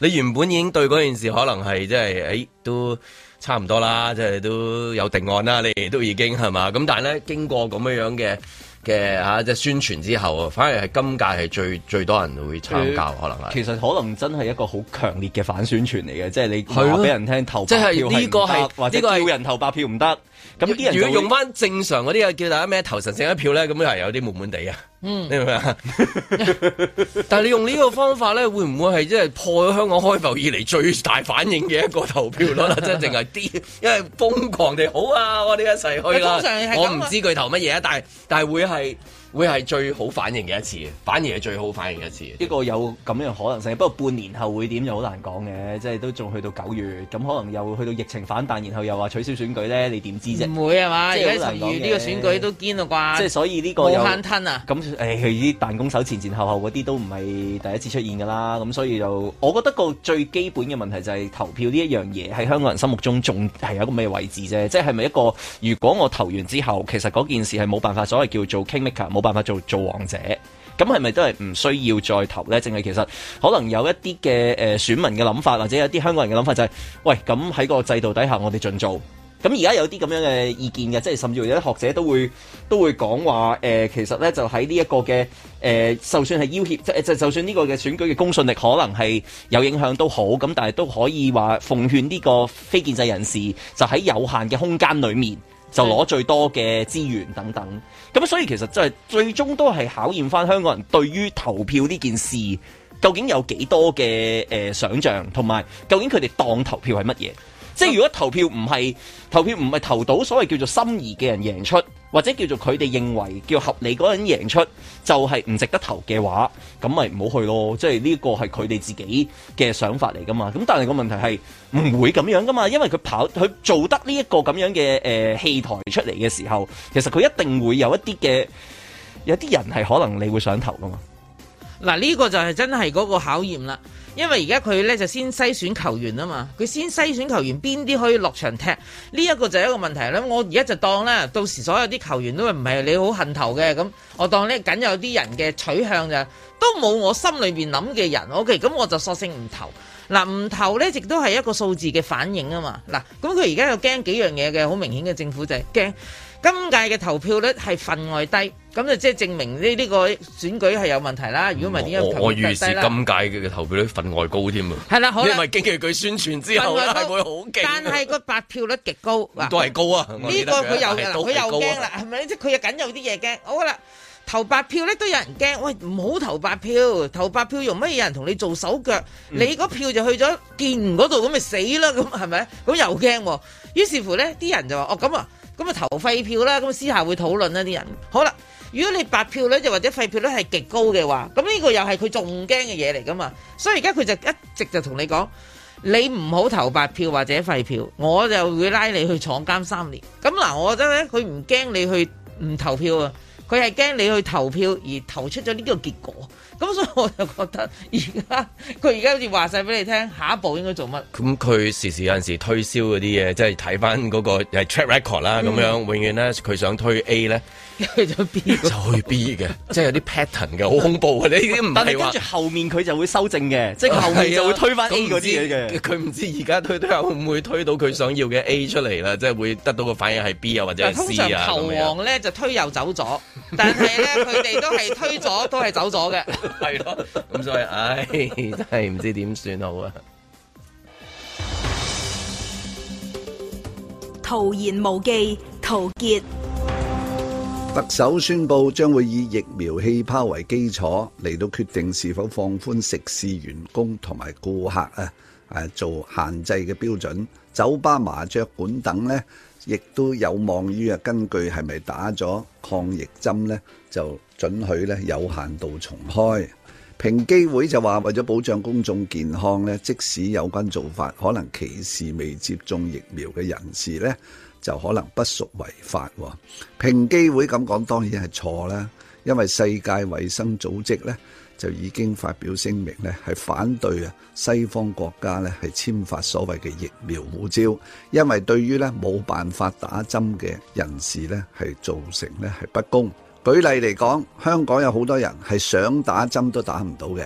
你原本已經對嗰件事可能係即係誒都。差唔多啦，即係都有定案啦。你哋都已經係嘛。咁，但係咧經過咁樣樣嘅嘅嚇即係宣傳之後，反而係今屆係最最多人會參加，呃，可能係。其實可能真係一個好強烈嘅反宣傳嚟嘅，即係你話俾人聽，啊，投即係呢個係或者要人投白票唔得。咁啲人如果用翻正常嗰啲啊，叫大家咩投神聖一票咧，咁又係有啲悶悶地啊。嗯，你明唔明啊？ [laughs] [laughs] 但係你用呢個方法咧，會唔會係即係破咗香港開埠以嚟最大反應嘅一個投票率咧？即係淨係啲，因為瘋狂地好啊！我哋一齊去啦！ [laughs] 我唔知佢投乜嘢啊，但係但係會係。會係最好反應嘅一次，反而係最好反應嘅一次。呢個有咁樣可能性，不過半年後會點就好難講嘅，即係都仲去到九月，咁可能又去到疫情反彈，然後又話取消選舉咧，你點知啫？唔會係嘛？而家十二月呢個選舉都堅啦啩。即係所以呢個有冇吞啊？咁誒，佢啲、哎、彈弓手前前後後嗰啲都唔係第一次出現㗎啦。咁所以就我覺得個最基本嘅問題就係投票呢一樣嘢喺香港人心目中仲係有個咩位置啫？即係係咪一個如果我投完之後，其實嗰件事係冇辦法所謂叫做冇辦法做做王者，咁係咪都係唔需要再投呢？淨係其實可能有一啲嘅誒選民嘅諗法，或者有啲香港人嘅諗法就係：喂，咁喺個制度底下，我哋盡做。咁而家有啲咁樣嘅意見嘅，即係甚至有啲學者都會都會講話誒，其實呢，就喺呢一個嘅誒，就算係要挾，即就、就算呢個嘅選舉嘅公信力可能係有影響都好，咁但係都可以話奉勸呢個非建制人士，就喺有限嘅空間裡面。就攞最多嘅資源等等，咁所以其實真係最終都係考驗翻香港人對於投票呢件事，究竟有幾多嘅誒、呃、想像，同埋究竟佢哋當投票係乜嘢？即係如果投票唔係，投票唔係投到所謂叫做心儀嘅人贏出，或者叫做佢哋認為叫合理嗰人贏出，就係、是、唔值得投嘅話，咁咪唔好去咯。即係呢個係佢哋自己嘅想法嚟噶嘛。咁但係個問題係唔會咁樣噶嘛，因為佢跑佢做得呢一個咁樣嘅誒戲台出嚟嘅時候，其實佢一定會有一啲嘅有啲人係可能你會想投噶嘛。嗱，呢個就係真係嗰個考驗啦。因為而家佢咧就先篩選球員啊嘛，佢先篩選球員邊啲可以落場踢，呢一個就係一個問題啦。我而家就當咧，到時所有啲球員都唔係你好恨投嘅，咁我當呢，梗有啲人嘅取向就都冇我心裏邊諗嘅人，ok，咁我就索性唔投。嗱唔投咧，亦都係一個數字嘅反應啊嘛。嗱，咁佢而家又驚幾樣嘢嘅，好明顯嘅政府就係驚。今屆嘅投票率係分外低，咁就即係證明呢呢個選舉係有問題啦。如果唔係點解投票率低啦？我我預示今屆嘅投票率分外高添啊！係啦，好啦，因為經佢宣傳之後啦，份外高好驚。但係個白票率極高， [laughs] 都係高啊！呢個佢、啊、又佢又驚啦，係咪、啊？即佢又梗有啲嘢驚。好話、啊、啦，投白票咧都有人驚，喂唔好投白票，投白票用乜嘢有人同你做手腳？嗯、你嗰票就去咗建唔嗰度，咁咪死啦？咁係咪？咁又驚，於是乎呢啲人就話哦咁啊。哦哦哦咁啊投廢票啦，咁私下會討論啦啲人。好啦，如果你白票率，就或者廢票率係極高嘅話，咁呢個又係佢仲驚嘅嘢嚟噶嘛？所以而家佢就一直就同你講，你唔好投白票或者廢票，我就會拉你去闖監三年。咁嗱，我覺得咧，佢唔驚你去唔投票啊，佢係驚你去投票而投出咗呢個結果。咁所以我就覺得而家佢而家好似話晒俾你聽，下一步應該做乜？咁佢時時有陣時推銷嗰啲嘢，即係睇翻嗰個係 track record 啦、啊。咁樣永遠咧，佢想推 A 咧、嗯，去咗 B 就去 B 嘅， [laughs] 即係有啲 pattern 嘅，好恐怖 [laughs] 你已啲唔係話。但係跟住後面佢就會修正嘅， [laughs] 即係後面就會推翻 A 啲嘢嘅。佢唔知而家推都會唔會推到佢想要嘅 A 出嚟啦， [laughs] 即係會得到個反應係 B 啊，或者係 C 啊，通常球王咧就推又走咗，但係咧佢哋都係推咗，都係走咗嘅。係咯，咁 [laughs] 所以，唉、哎，真係唔知點算好啊！徒然無忌，陶傑，特首宣布將會以疫苗氣泡為基礎嚟到決定是否放寬食肆員工同埋顧客啊，誒，做限制嘅標準，酒吧、麻雀館等呢，亦都有望於啊，根據係咪打咗抗疫針呢，就。准許咧有限度重開，平機會就話為咗保障公眾健康咧，即使有關做法可能歧視未接種疫苗嘅人士咧，就可能不屬違法。平機會咁講當然係錯啦，因為世界衞生組織咧就已經發表聲明咧係反對啊西方國家咧係簽發所謂嘅疫苗護照，因為對於咧冇辦法打針嘅人士咧係造成咧係不公。舉例嚟講，香港有好多人係想打針都打唔到嘅，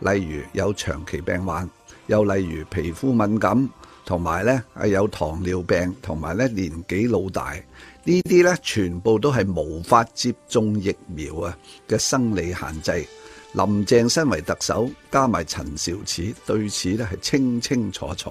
例如有長期病患，又例如皮膚敏感，同埋咧係有糖尿病，同埋咧年紀老大，呢啲咧全部都係無法接種疫苗啊嘅生理限制。林鄭身為特首，加埋陳肇始，對此咧係清清楚楚，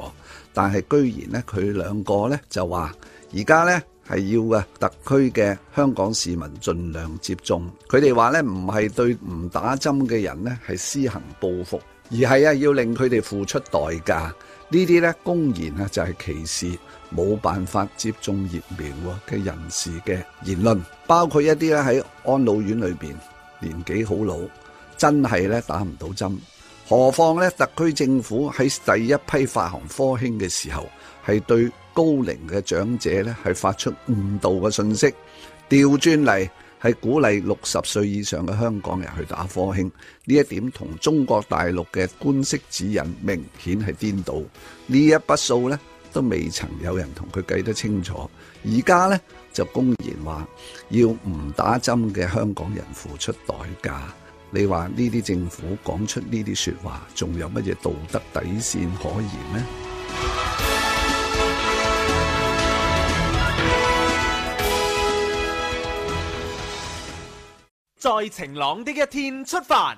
但係居然咧佢兩個咧就話而家咧。係要啊，特區嘅香港市民儘量接種。佢哋話呢，唔係對唔打針嘅人呢係施行報復，而係啊要令佢哋付出代價。呢啲呢，公然啊就係歧視冇辦法接種疫苗嘅人士嘅言論，包括一啲咧喺安老院裏邊年紀好老，真係咧打唔到針。何況呢？特區政府喺第一批發行科興嘅時候係對，高齡嘅長者呢，係發出誤導嘅信息，調轉嚟係鼓勵六十歲以上嘅香港人去打科興。呢一點同中國大陸嘅官式指引明顯係顛倒。呢一筆數呢，都未曾有人同佢計得清楚。而家呢就公然話要唔打針嘅香港人付出代價。你話呢啲政府講出呢啲說話，仲有乜嘢道德底線可言呢？在晴朗的一天出發。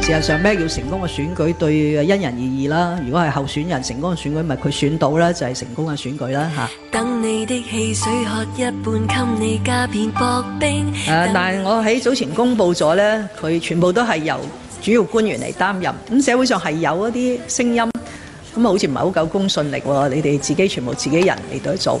事實上，咩叫成功嘅選舉？對，因人而異啦。如果係候選人成功嘅選舉，咪佢選到啦，就係、是、成功嘅選舉啦。嚇。等你的汽水喝一半，給你加片薄冰。啊、但係我喺早前公布咗呢，佢全部都係由主要官員嚟擔任。咁社會上係有一啲聲音，咁、嗯、啊好似唔係好夠公信力喎。你哋自己全部自己人嚟到做。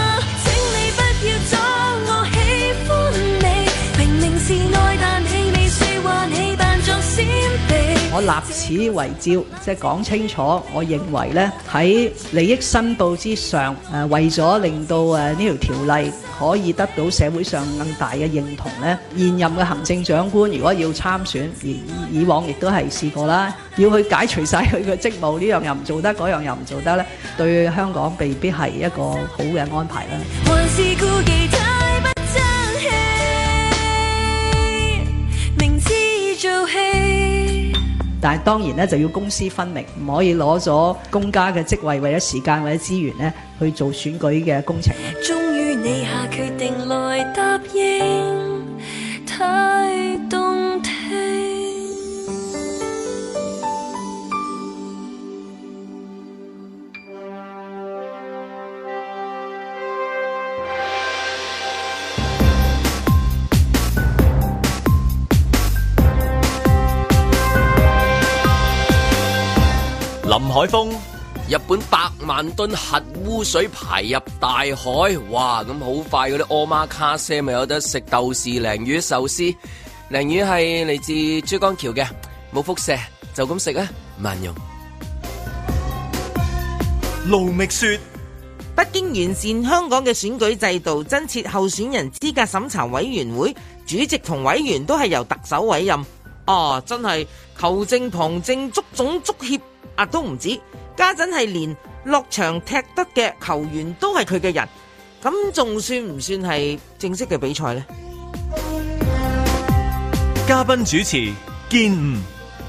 我立此為照，即係講清楚。我認為呢，喺利益申報之上，誒、呃、為咗令到誒呢條條例可以得到社會上更大嘅認同呢，現任嘅行政長官如果要參選，而以往亦都係試過啦，要去解除晒佢嘅職務，呢樣又唔做得，嗰樣又唔做得呢，對香港未必係一個好嘅安排啦。還是顧忌太不爭氣，明知做戲。但係當然咧，就要公私分明，唔可以攞咗公家嘅職位、或者時間或者資源咧去做選舉嘅工程。終於你下決定，來答應。 [music] 海風，日本百萬噸核污水排入大海，哇！咁好快嗰啲 Omakase 咪有得食豆豉鯪魚壽司，鯪魚係嚟自珠江橋嘅，冇輻射，就咁食啊，慢用。盧覓雪，北京完善香港嘅選舉制度，增設候選人資格審查委員會，主席同委員都係由特首委任。哦、啊，真係球證旁證，足總足協。啊都唔止，家陣係連落場踢得嘅球員都係佢嘅人，咁仲算唔算係正式嘅比賽呢？嘉賓主持兼唔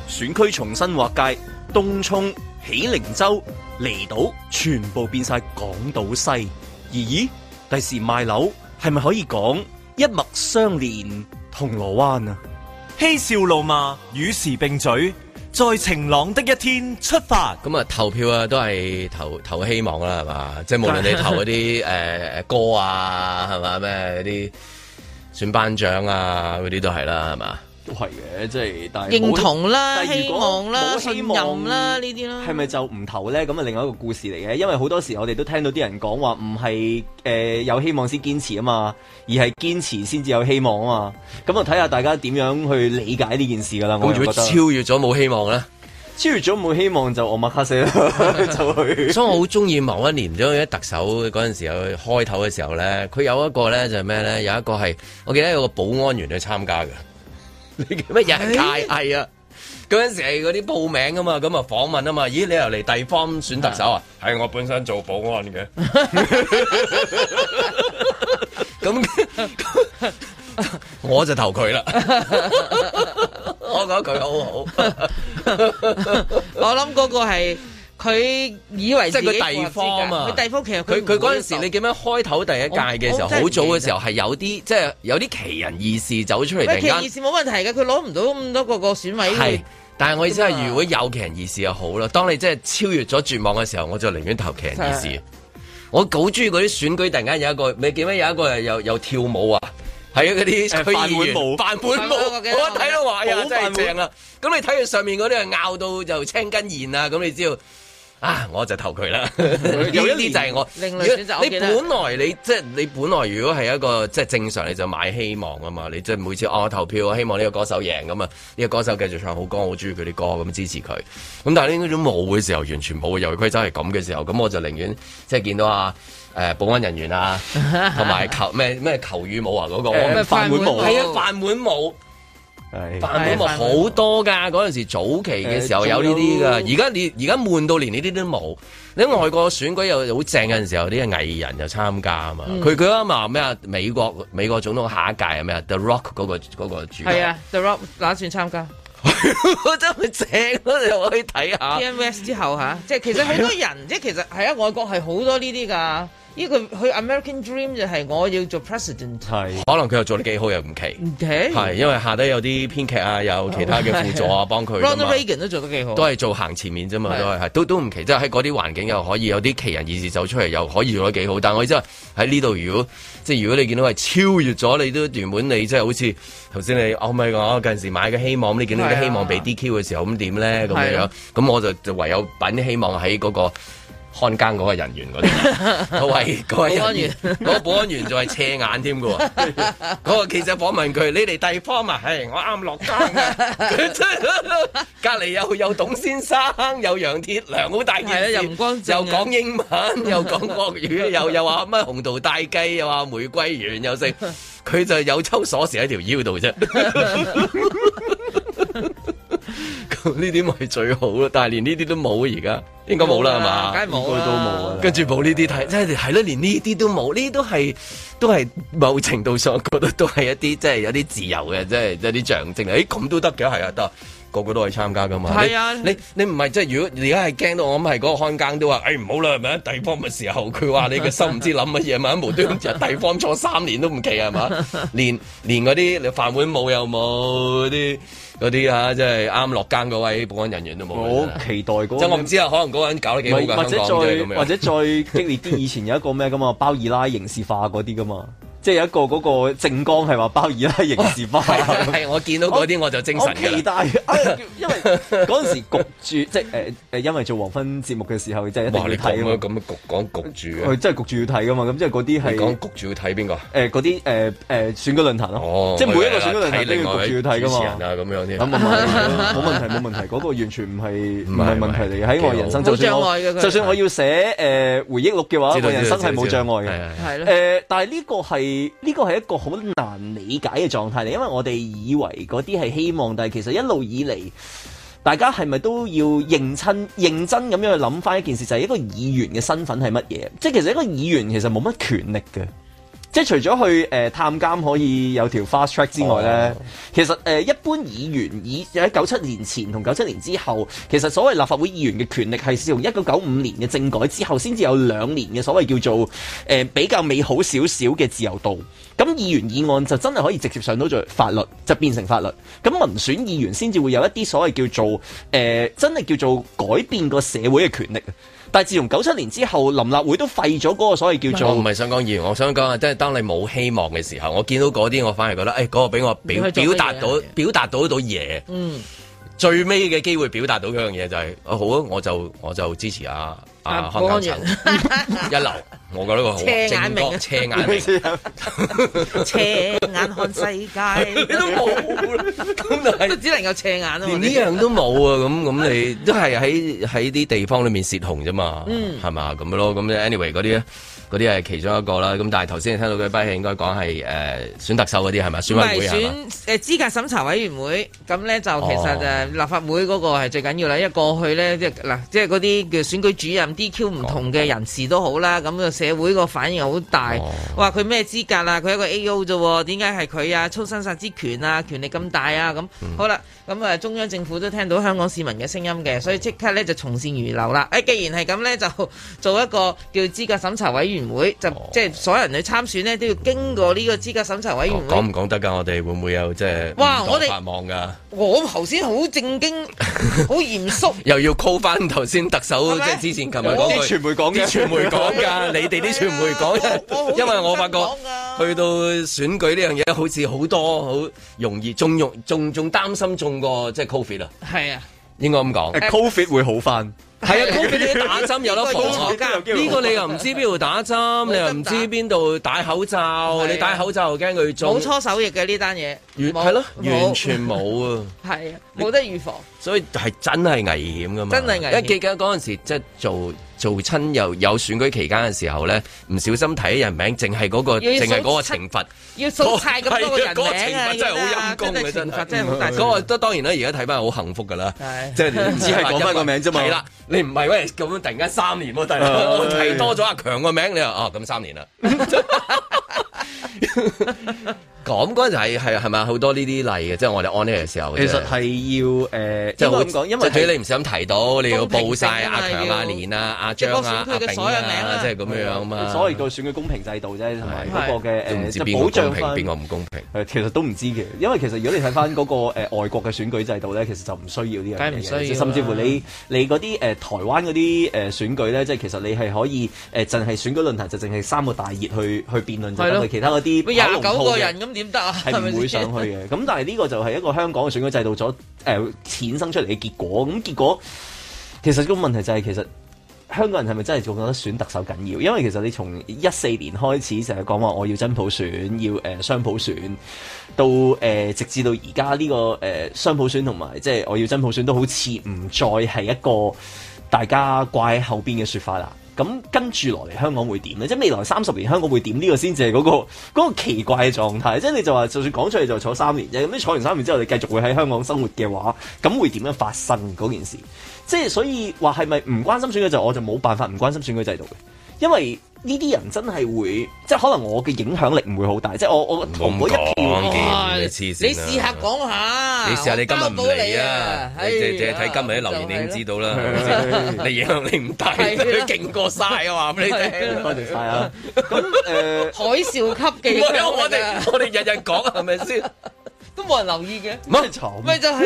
選區重新劃界，東涌、喜靈洲、離島全部變晒港島西。而咦？第時賣樓係咪可以講一脈相連銅鑼灣啊？嬉笑怒罵與時並嘴。在晴朗的一天出發。咁啊，投票啊，都係投投希望啦，係嘛？即係 [laughs] 無論你投嗰啲誒歌啊，係嘛咩啲選班長啊，嗰啲都係啦，係嘛？都係嘅，即係但係認同啦，但如果希望啦，冇希望啦，呢啲咯，係咪就唔投咧？咁啊，是是另外一個故事嚟嘅，因為好多時我哋都聽到啲人講話，唔係誒有希望先堅持啊、嗯、嘛，而係堅持先至有希望啊嘛。咁啊，睇下大家點樣去理解呢件事噶啦。且超越咗冇希望啦，超越咗冇希望就我馬卡死啦，就去。所以我好中意某一年咗一特首嗰陣時候，開頭嘅時候咧，佢有一個咧就係咩咧？有一個係我記得有個保安員去參加嘅。你叫乜嘢？係啊，嗰陣時係嗰啲報名噶嘛，咁啊訪問啊嘛。咦，你又嚟地方選特首啊？係我本身做保安嘅。咁我就投佢啦。我覺得佢好好。 [laughs] 我諗嗰個係。佢以為即係佢地方啊嘛，佢地方其實佢佢嗰陣時，你記唔記得開頭第一屆嘅時候，好早嘅時候係有啲即係有啲奇人異事走出嚟。奇人異事冇問題嘅，佢攞唔到咁多個個選位。但係我意思係，如果有奇人異事就好啦。當你真係超越咗絕望嘅時候，我就寧願投奇人異事。我好中意嗰啲選舉，突然間有一個，你記唔記得有一個有又跳舞啊，係嗰啲飯碗舞、飯碗舞，我睇到懷疑真係正啦。咁你睇佢上面嗰啲人拗到就青筋現啊，咁你知道。啊！我就投佢啦，有一啲就係我。另類選擇，我記得。你本來，你，本來你即係你本來如果係一個即係正，正常，你就買希望啊嘛！你即係每次哦、啊、投票啊，希望呢個歌手贏咁啊，呢、呢個歌手繼續唱好歌，好中意佢啲歌咁支持佢。咁但係呢種舞嘅時候，完全冇嘅遊戲規則係咁嘅時候，咁我就寧願即係見到啊誒、呃、保安人員啊，同埋求咩咩求雨舞啊嗰、嗰個飯碗、 [laughs] 呃、舞，舞，係啊飯碗舞。辦到咪好多噶，嗰陣、哎、時早期嘅時候有呢啲噶，而家你而家悶到連呢啲都冇。你外國選舉又好正，嘅陣時候啲藝人又參加啊嘛。佢佢啱話咩啊？美國美國總統下一屆係咩啊？The Rock 嗰、那個嗰、那個主係啊，The Rock 打算參加， [laughs] 真係正咯、啊，你可以睇下。TMS 之後吓，即係其實好多人，即係其實係啊，外國係好多呢啲噶。呢、這個佢 American Dream 就係我要做 president，是可能佢又做得幾好又唔奇，係 [laughs] 是因為下底有啲編劇啊，有其他嘅輔助啊幫佢。Ronald Reagan 都做得幾好，都係做行前面啫嘛，都係是都都唔奇，即係喺嗰啲環境又可以有啲奇人異士走出嚟，又可以做得幾好。但係我真係喺呢度，如果即係如果你見到係超越咗，你都原本你即係好似頭先你 o、oh、唔 my g 近時買嘅希望你見到啲希望畀 DQ 嘅時候咁點咧咁樣樣，咁是是我就就唯有揾啲希望喺嗰、那個。看更嗰個人員嗰啲，嗰 [laughs] 位嗰 [laughs] 保安員，嗰個保安員仲係 [laughs] 斜眼添嘅喎。嗰個記者訪問佢：你哋地方啊？係我啱落更嘅，隔離有有董先生，有楊鐵樑，好大件事、啊、又、啊、又講英文， [laughs] 又講國語， [laughs] 又又話乜紅桃大雞，又話玫瑰園，又剩。 [laughs] 佢就有抽鎖匙喺條腰度啫，咁呢啲咪最好咯。但係連呢啲都冇而家，應該冇啦係嘛？梗係冇，都冇。跟住冇呢啲睇，即係係咯，連呢啲都冇。呢啲都係都係某程度上覺得都係一啲即係有啲自由嘅，即係有啲象徵。誒咁都得嘅，係啊得。個個都係參加㗎嘛？係啊，你你唔係即係如果而家係驚到我諗係嗰個看更都話，哎唔好啦係咪？地方嘅時候佢話你個心唔知諗乜嘢嘛， [laughs] 無端端就地方坐三年都唔奇係嘛？連連嗰啲你飯碗冇又冇，嗰啲嗰啲嚇，即係啱落更嗰位保安人員都冇。我好期待嗰吧、那個、即我唔知啊，可能嗰個人搞得幾好香港或者再或者再激烈啲， [laughs] 以前有一個咩㗎嘛，包二奶刑事化嗰啲㗎嘛。即係有一個嗰個政綱係話包二奶刑事化，係我見到嗰啲我就精神期待，因為嗰陣時焗住，即係誒誒，因為做黃昏節目嘅時候，即係一定要睇。咁樣咁焗講焗住，即真係焗住要睇噶嘛？咁即係嗰啲係講焗住要睇邊個？誒嗰啲誒誒選舉論壇咯，即係每一個選舉論壇都要焗住要睇噶嘛？咁冇問題冇問題，嗰個完全唔係唔係問題嚟，喺我人生冇障礙嘅。就算我要寫誒回憶錄嘅話，我人生係冇障礙嘅。係誒，但係呢個係。呢個係一個好難理解嘅狀態嚟，因為我哋以為嗰啲係希望，但係其實一路以嚟，大家係咪都要認親認真咁樣去諗翻一件事，就係一個議員嘅身份係乜嘢？即係其實一個議員其實冇乜權力嘅。即係除咗去誒、呃、探監可以有條 fast track 之外呢，oh. 其實誒、呃、一般議員以喺九七年前同九七年之後，其實所謂立法會議員嘅權力係從一九九五年嘅政改之後先至有兩年嘅所謂叫做誒、呃、比較美好少少嘅自由度。咁議員議案就真係可以直接上到做法律，就變成法律。咁民選議員先至會有一啲所謂叫做誒、呃、真係叫做改變個社會嘅權力。但係自從九七年之後，林立會都廢咗嗰個所謂叫做，我唔係想講議員，我想講啊，即係當你冇希望嘅時候，我見到嗰啲，我反而覺得，誒、欸、嗰、那個俾我表表達到表達到到嘢，嗯，最尾嘅機會表達到一樣嘢就係、是，好啊，我就我就支持啊。啊，看眼神，一流，我覺得個好，斜眼明，斜眼明，斜眼看世界，你都冇啦，咁就只能夠斜眼咯。連呢樣都冇啊，咁咁你都係喺喺啲地方裏面洩紅啫嘛，嗯，係嘛，咁樣咯，咁，anyway 嗰啲啊。嗰啲係其中一個啦，咁但係頭先你聽到佢批起，應該講係誒選特首嗰啲係咪？選委會唔係是吧選誒、呃、資格審查委員會，咁呢就其實誒立法會嗰個係最緊要啦。因為過去呢，即係嗱，即係嗰啲叫選舉主任 DQ 唔同嘅人士都好啦，咁個社會個反應好大，話佢咩資格啊？佢一個 AO 啫，點解係佢啊？操生殺之權啊，權力咁大啊？咁、嗯、好啦。咁啊，中央政府都聽到香港市民嘅聲音嘅，所以即刻咧就從善如流啦。誒，既然係咁咧，就做一個叫資格審查委員會，就即係所有人去參選呢，都要經過呢個資格審查委員會。講唔講得㗎？我哋會唔會有即係？哇！我哋繁忙㗎。我頭先好正經，好嚴肅。又要 call 翻頭先特首即係之前琴日講句。啲傳媒講嘅。啲傳媒講㗎，你哋啲傳媒講嘅。因為我發覺去到選舉呢樣嘢，好似好多好容易，仲容仲仲擔心仲。個即係 Covid 啊，係啊，應該咁講，Covid 會好翻，係啊，Covid 啲打針有得防，呢個你又唔知邊度打針，你又唔知邊度戴口罩，你戴口罩又驚佢中。冇搓手液嘅呢單嘢，係咯，完全冇啊，係啊，冇得預防，所以係真係危險噶嘛，真係危險，一記得嗰陣時即係做。做親又有選舉期間嘅時候咧，唔小心睇人名，淨係嗰個淨係嗰個懲罰，要數曬咁多人名啊！懲罰真係好陰功嘅真，即係嗰個當然啦。而家睇翻好幸福噶啦，即係只係講翻個名啫嘛。係啦，你唔係，喂，咁樣突然間三年喎，突然係多咗阿強個名，你又哦咁三年啦。咁嗰陣就係係咪好多呢啲例嘅？即係我哋安呢嘅時候，其實係要誒，即係咁講？因為如果你唔想提到，你要報晒阿強、阿連啊、即係選區嘅所有名啦，即係咁樣樣嘛。所謂嘅選舉公平制度啫，同埋嗰個嘅誒保障分邊個唔公平？其實都唔知嘅，因為其實如果你睇翻嗰個外國嘅選舉制度咧，其實就唔需要呢樣嘢，甚至乎你你嗰啲誒台灣嗰啲誒選舉咧，即係其實你係可以誒，淨係選舉論壇就淨係三個大熱去去辯論，就唔係其他嗰啲廿九個人咁點得啊？係唔會上去嘅。咁但係呢個就係一個香港嘅選舉制度所誒產生出嚟嘅結果。咁結果其實個問題就係其實。香港人係咪真係仲覺得選特首緊要？因為其實你從一四年開始淨係講話我要真普選，要誒、呃、雙普選，到誒、呃、直至到而家呢個誒、呃、雙普選同埋即係我要真普選都好似唔再係一個大家怪後邊嘅説法啦。咁跟住落嚟，香港會點呢？即係未來三十年香港會點？呢、這個先至係嗰個嗰個奇怪嘅狀態。即係你就話，就算講出嚟就坐三年啫，咁你坐完三年之後，你繼續會喺香港生活嘅話，咁會點樣發生嗰件事？即係所以話係咪唔關心選舉就我就冇辦法唔關心選舉制度嘅，因為呢啲人真係會，即係可能我嘅影響力唔會好大，即係我我唔好一片你試下講下，你試下你今日唔嚟啊？你淨係即係睇今日啲留言，你已經知道啦，你影響力唔大，你勁過曬啊嘛？話俾你聽，多謝曬啊！咁誒，海嘯級嘅，我哋我哋日日講係咪先？都冇人留意嘅，唔係就係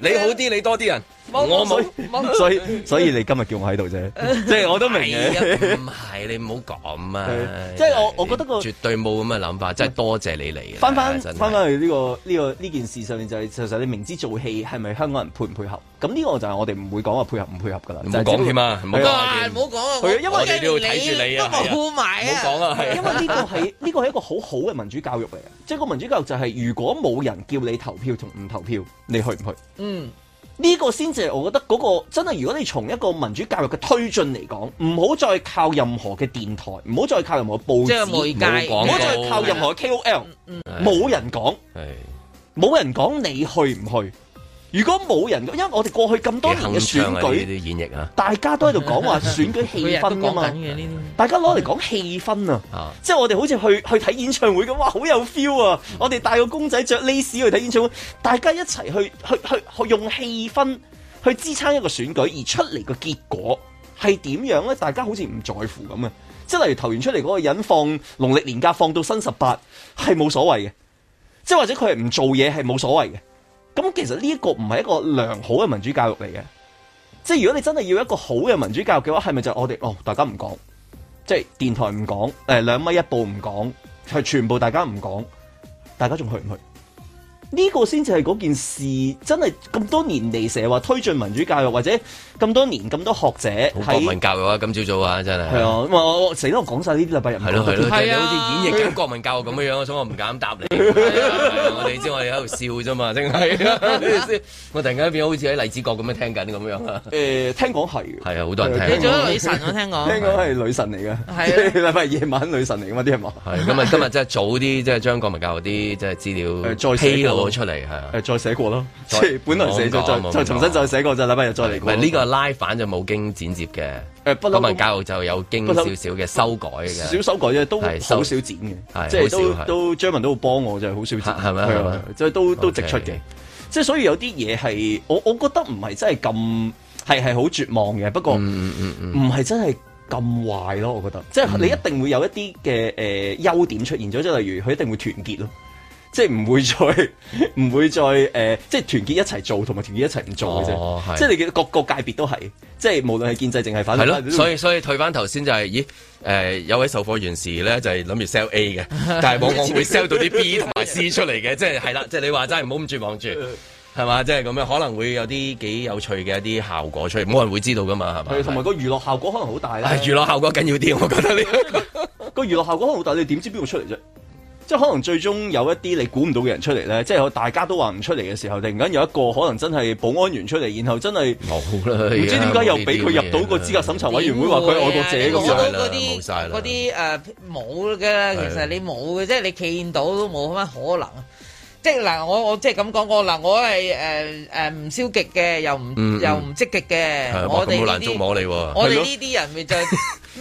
你好啲，你多啲人。我冇，所以所以你今日叫我喺度啫，即係我都明嘅。唔係你唔好講啊！即係我我覺得個絕對冇咁嘅諗法，真係多謝你嚟。翻翻翻翻去呢個呢個呢件事上面，就係其實你明知做戲係咪香港人配唔配合？咁呢個就係我哋唔會講話配合唔配合噶啦，唔好講添啊！唔好講啊！佢因為你都冇埋，唔好講啊！因為呢個係呢個係一個好好嘅民主教育嚟嘅，即係個民主教育就係如果冇人叫你投票同唔投票，你去唔去？嗯。呢個先至係我覺得，嗰個真係如果你從一個民主教育嘅推進嚟講，唔好再靠任何嘅電台，唔好再靠任何報，即係媒介，唔好再，再靠任何 K O L，冇人講，冇人講你去唔去？如果冇人，因為我哋過去咁多年嘅選舉，演繹啊、大家都喺度講話選舉氣氛噶 [laughs] 嘛，些大家攞嚟講氣氛啊， [laughs] 即係我哋好似去去睇演唱會咁，哇，好有 feel 啊！ [laughs] 我哋帶個公仔着 lace 去睇演唱會，大家一齊去去去，去，去用氣氛去支撐一個選舉而出嚟嘅結果係點樣咧？大家好似唔在乎咁啊！即係例如投完出嚟嗰個人放農曆年假放到新十八係冇所謂嘅，即係或者佢係唔做嘢係冇所謂嘅。咁其實呢一個唔係一個良好嘅民主教育嚟嘅，即係如果你真係要一個好嘅民主教育嘅話，係咪就係我哋哦大家唔講，即係電台唔講，誒兩米一步唔講，係全部大家唔講，大家仲去唔去？呢個先至係嗰件事，真係咁多年嚟成日話推進民主教育，或者咁多年咁多學者喺國民教育啊！今朝早啊，真係係啊！咁我成日都講晒呢啲禮拜入，係咯係咯，即係好似演繹緊國民教育咁嘅樣，所以我唔敢答你。我哋知我哋喺度笑啫嘛，真係。我突然間變咗好似喺荔枝角咁樣聽緊咁樣啊！誒，聽講係係啊，好多人聽咗女神，聽講聽講係女神嚟㗎，係禮拜夜晚女神嚟㗎嘛啲人嘛。係咁啊，今日即係早啲，即係將國民教育啲即係資料再出嚟係誒，再寫過咯。即係本來寫咗，再再重新再寫過就禮拜日再嚟過。唔係呢個拉反就冇經剪接嘅。誒，中文教育就有經少少嘅修改嘅。少修改啫，都好少剪嘅。即係都都張文都會幫我，就係好少剪。係咩？即係都都直出嘅。即係所以有啲嘢係我我覺得唔係真係咁係係好絕望嘅。不過唔係真係咁壞咯。我覺得即係你一定會有一啲嘅誒優點出現咗。即係例如佢一定會團結咯。即係唔會再唔會再誒、呃，即係團結一齊做，同埋團結一齊唔做嘅啫。哦、即係你見各個界別都係，即係無論係建制，淨係反對咯，所以所以退翻頭先就係、是，咦誒、呃、有位售貨員時咧就係諗住 sell A 嘅，但係往往會 sell 到啲 B 同埋 C 出嚟嘅，即係係啦，即係、就是、你話真係唔好咁住望住，係嘛？即係咁樣可能會有啲幾有趣嘅一啲效果出嚟，冇人會知道噶嘛，係嘛？同埋個娛樂效果可能好大咧。係、哎、娛樂效果緊要啲，我覺得呢個個娛樂效果可能好大，你點知邊個出嚟啫？即係可能最終有一啲你估唔到嘅人出嚟咧，即係大家都話唔出嚟嘅時候，突然間有一個可能真係保安員出嚟，然後真係唔知點解又俾佢入到個資格審查委員會話佢愛國者咁樣啦。冇曬嗰啲誒冇嘅，其實你冇嘅，即係的你見到都冇乜可能。即係嗱，我我即係咁講過嗱，我係誒誒唔消極嘅，又唔又唔積極嘅。我哋好難捉摸你喎。我哋呢啲我哋呢啲人，咪就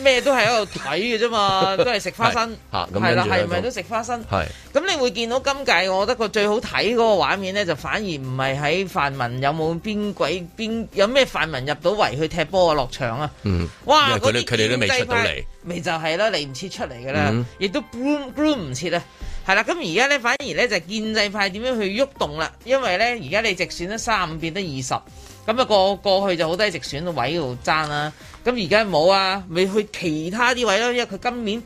咩都係喺度睇嘅啫嘛，都係食花生。係啦，係咪都食花生？係。咁你會見到今屆，我覺得個最好睇嗰個畫面咧，就反而唔係喺泛民有冇邊鬼邊有咩泛民入到圍去踢波嘅落場啊。哇！嗰啲佢哋都未出到嚟，未就係啦，嚟唔切出嚟嘅啦，亦都 groom 唔切啊。係啦，咁而家咧反而咧就建制派點樣去喐動啦？因為咧而家你直選得三五變得二十，咁啊過過去就好低直選個位嗰度爭啦。咁而家冇啊，咪去其他啲位咯，因為佢今年。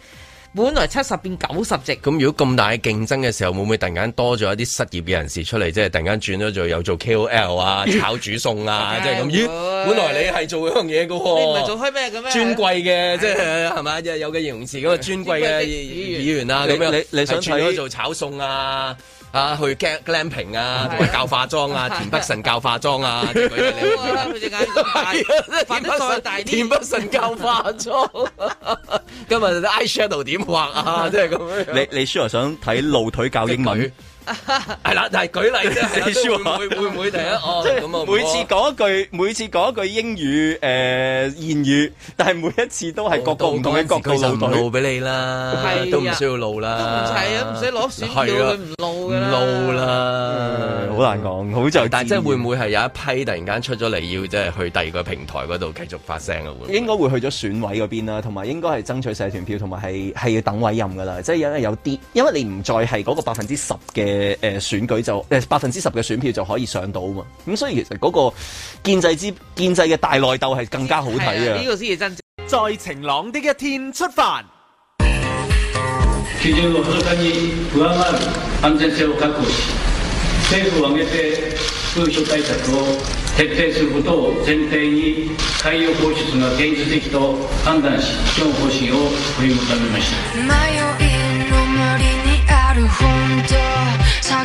本來七十變九十席，咁如果咁大嘅競爭嘅時候，會唔會突然間多咗一啲失業嘅人士出嚟？即係突然間轉咗做有做 K O L 啊，炒煮餸啊， [laughs] Okay 即係咁。咦本來你係做嗰樣嘢嘅，你唔係做開咩咁咩？尊貴嘅，即係係咪？有個形容詞嗰個尊貴嘅議員議員啊，咁樣你想轉咗做炒餸啊。啊，去 glamping 啊，同埋教化妝啊，田北辰教化妝啊，呢啲嘢嚟。啊，佢隻眼大，田北辰大啲。田北辰教化妝，今日啲 eye shadow 點畫啊？即係咁樣。你你 sure 想睇露腿教英文？係啦，但係舉例啫。你會唔會第一？哦，每次講一句，每次講一句英語誒言語，但係每一次都係各個唔同嘅角度就唔露俾你啦，都唔需要露啦，都唔係啊，唔使攞選票佢唔露噶啦，露啦，好難講，好在但係即係會唔會係有一批突然間出咗嚟要即係去第二個平台嗰度繼續發聲啊？會應該會去咗選委嗰邊啦，同埋應該係爭取社團票，同埋係係要等委任噶啦，即係因為有啲，因為你唔再係嗰個百分之十嘅。誒誒選舉就誒百分之十嘅選票就可以上到啊嘛，咁所以其實嗰個建制之建制嘅大內鬥係更加好睇啊！呢、這個先係真正。再在晴朗的一天出發。 [noise]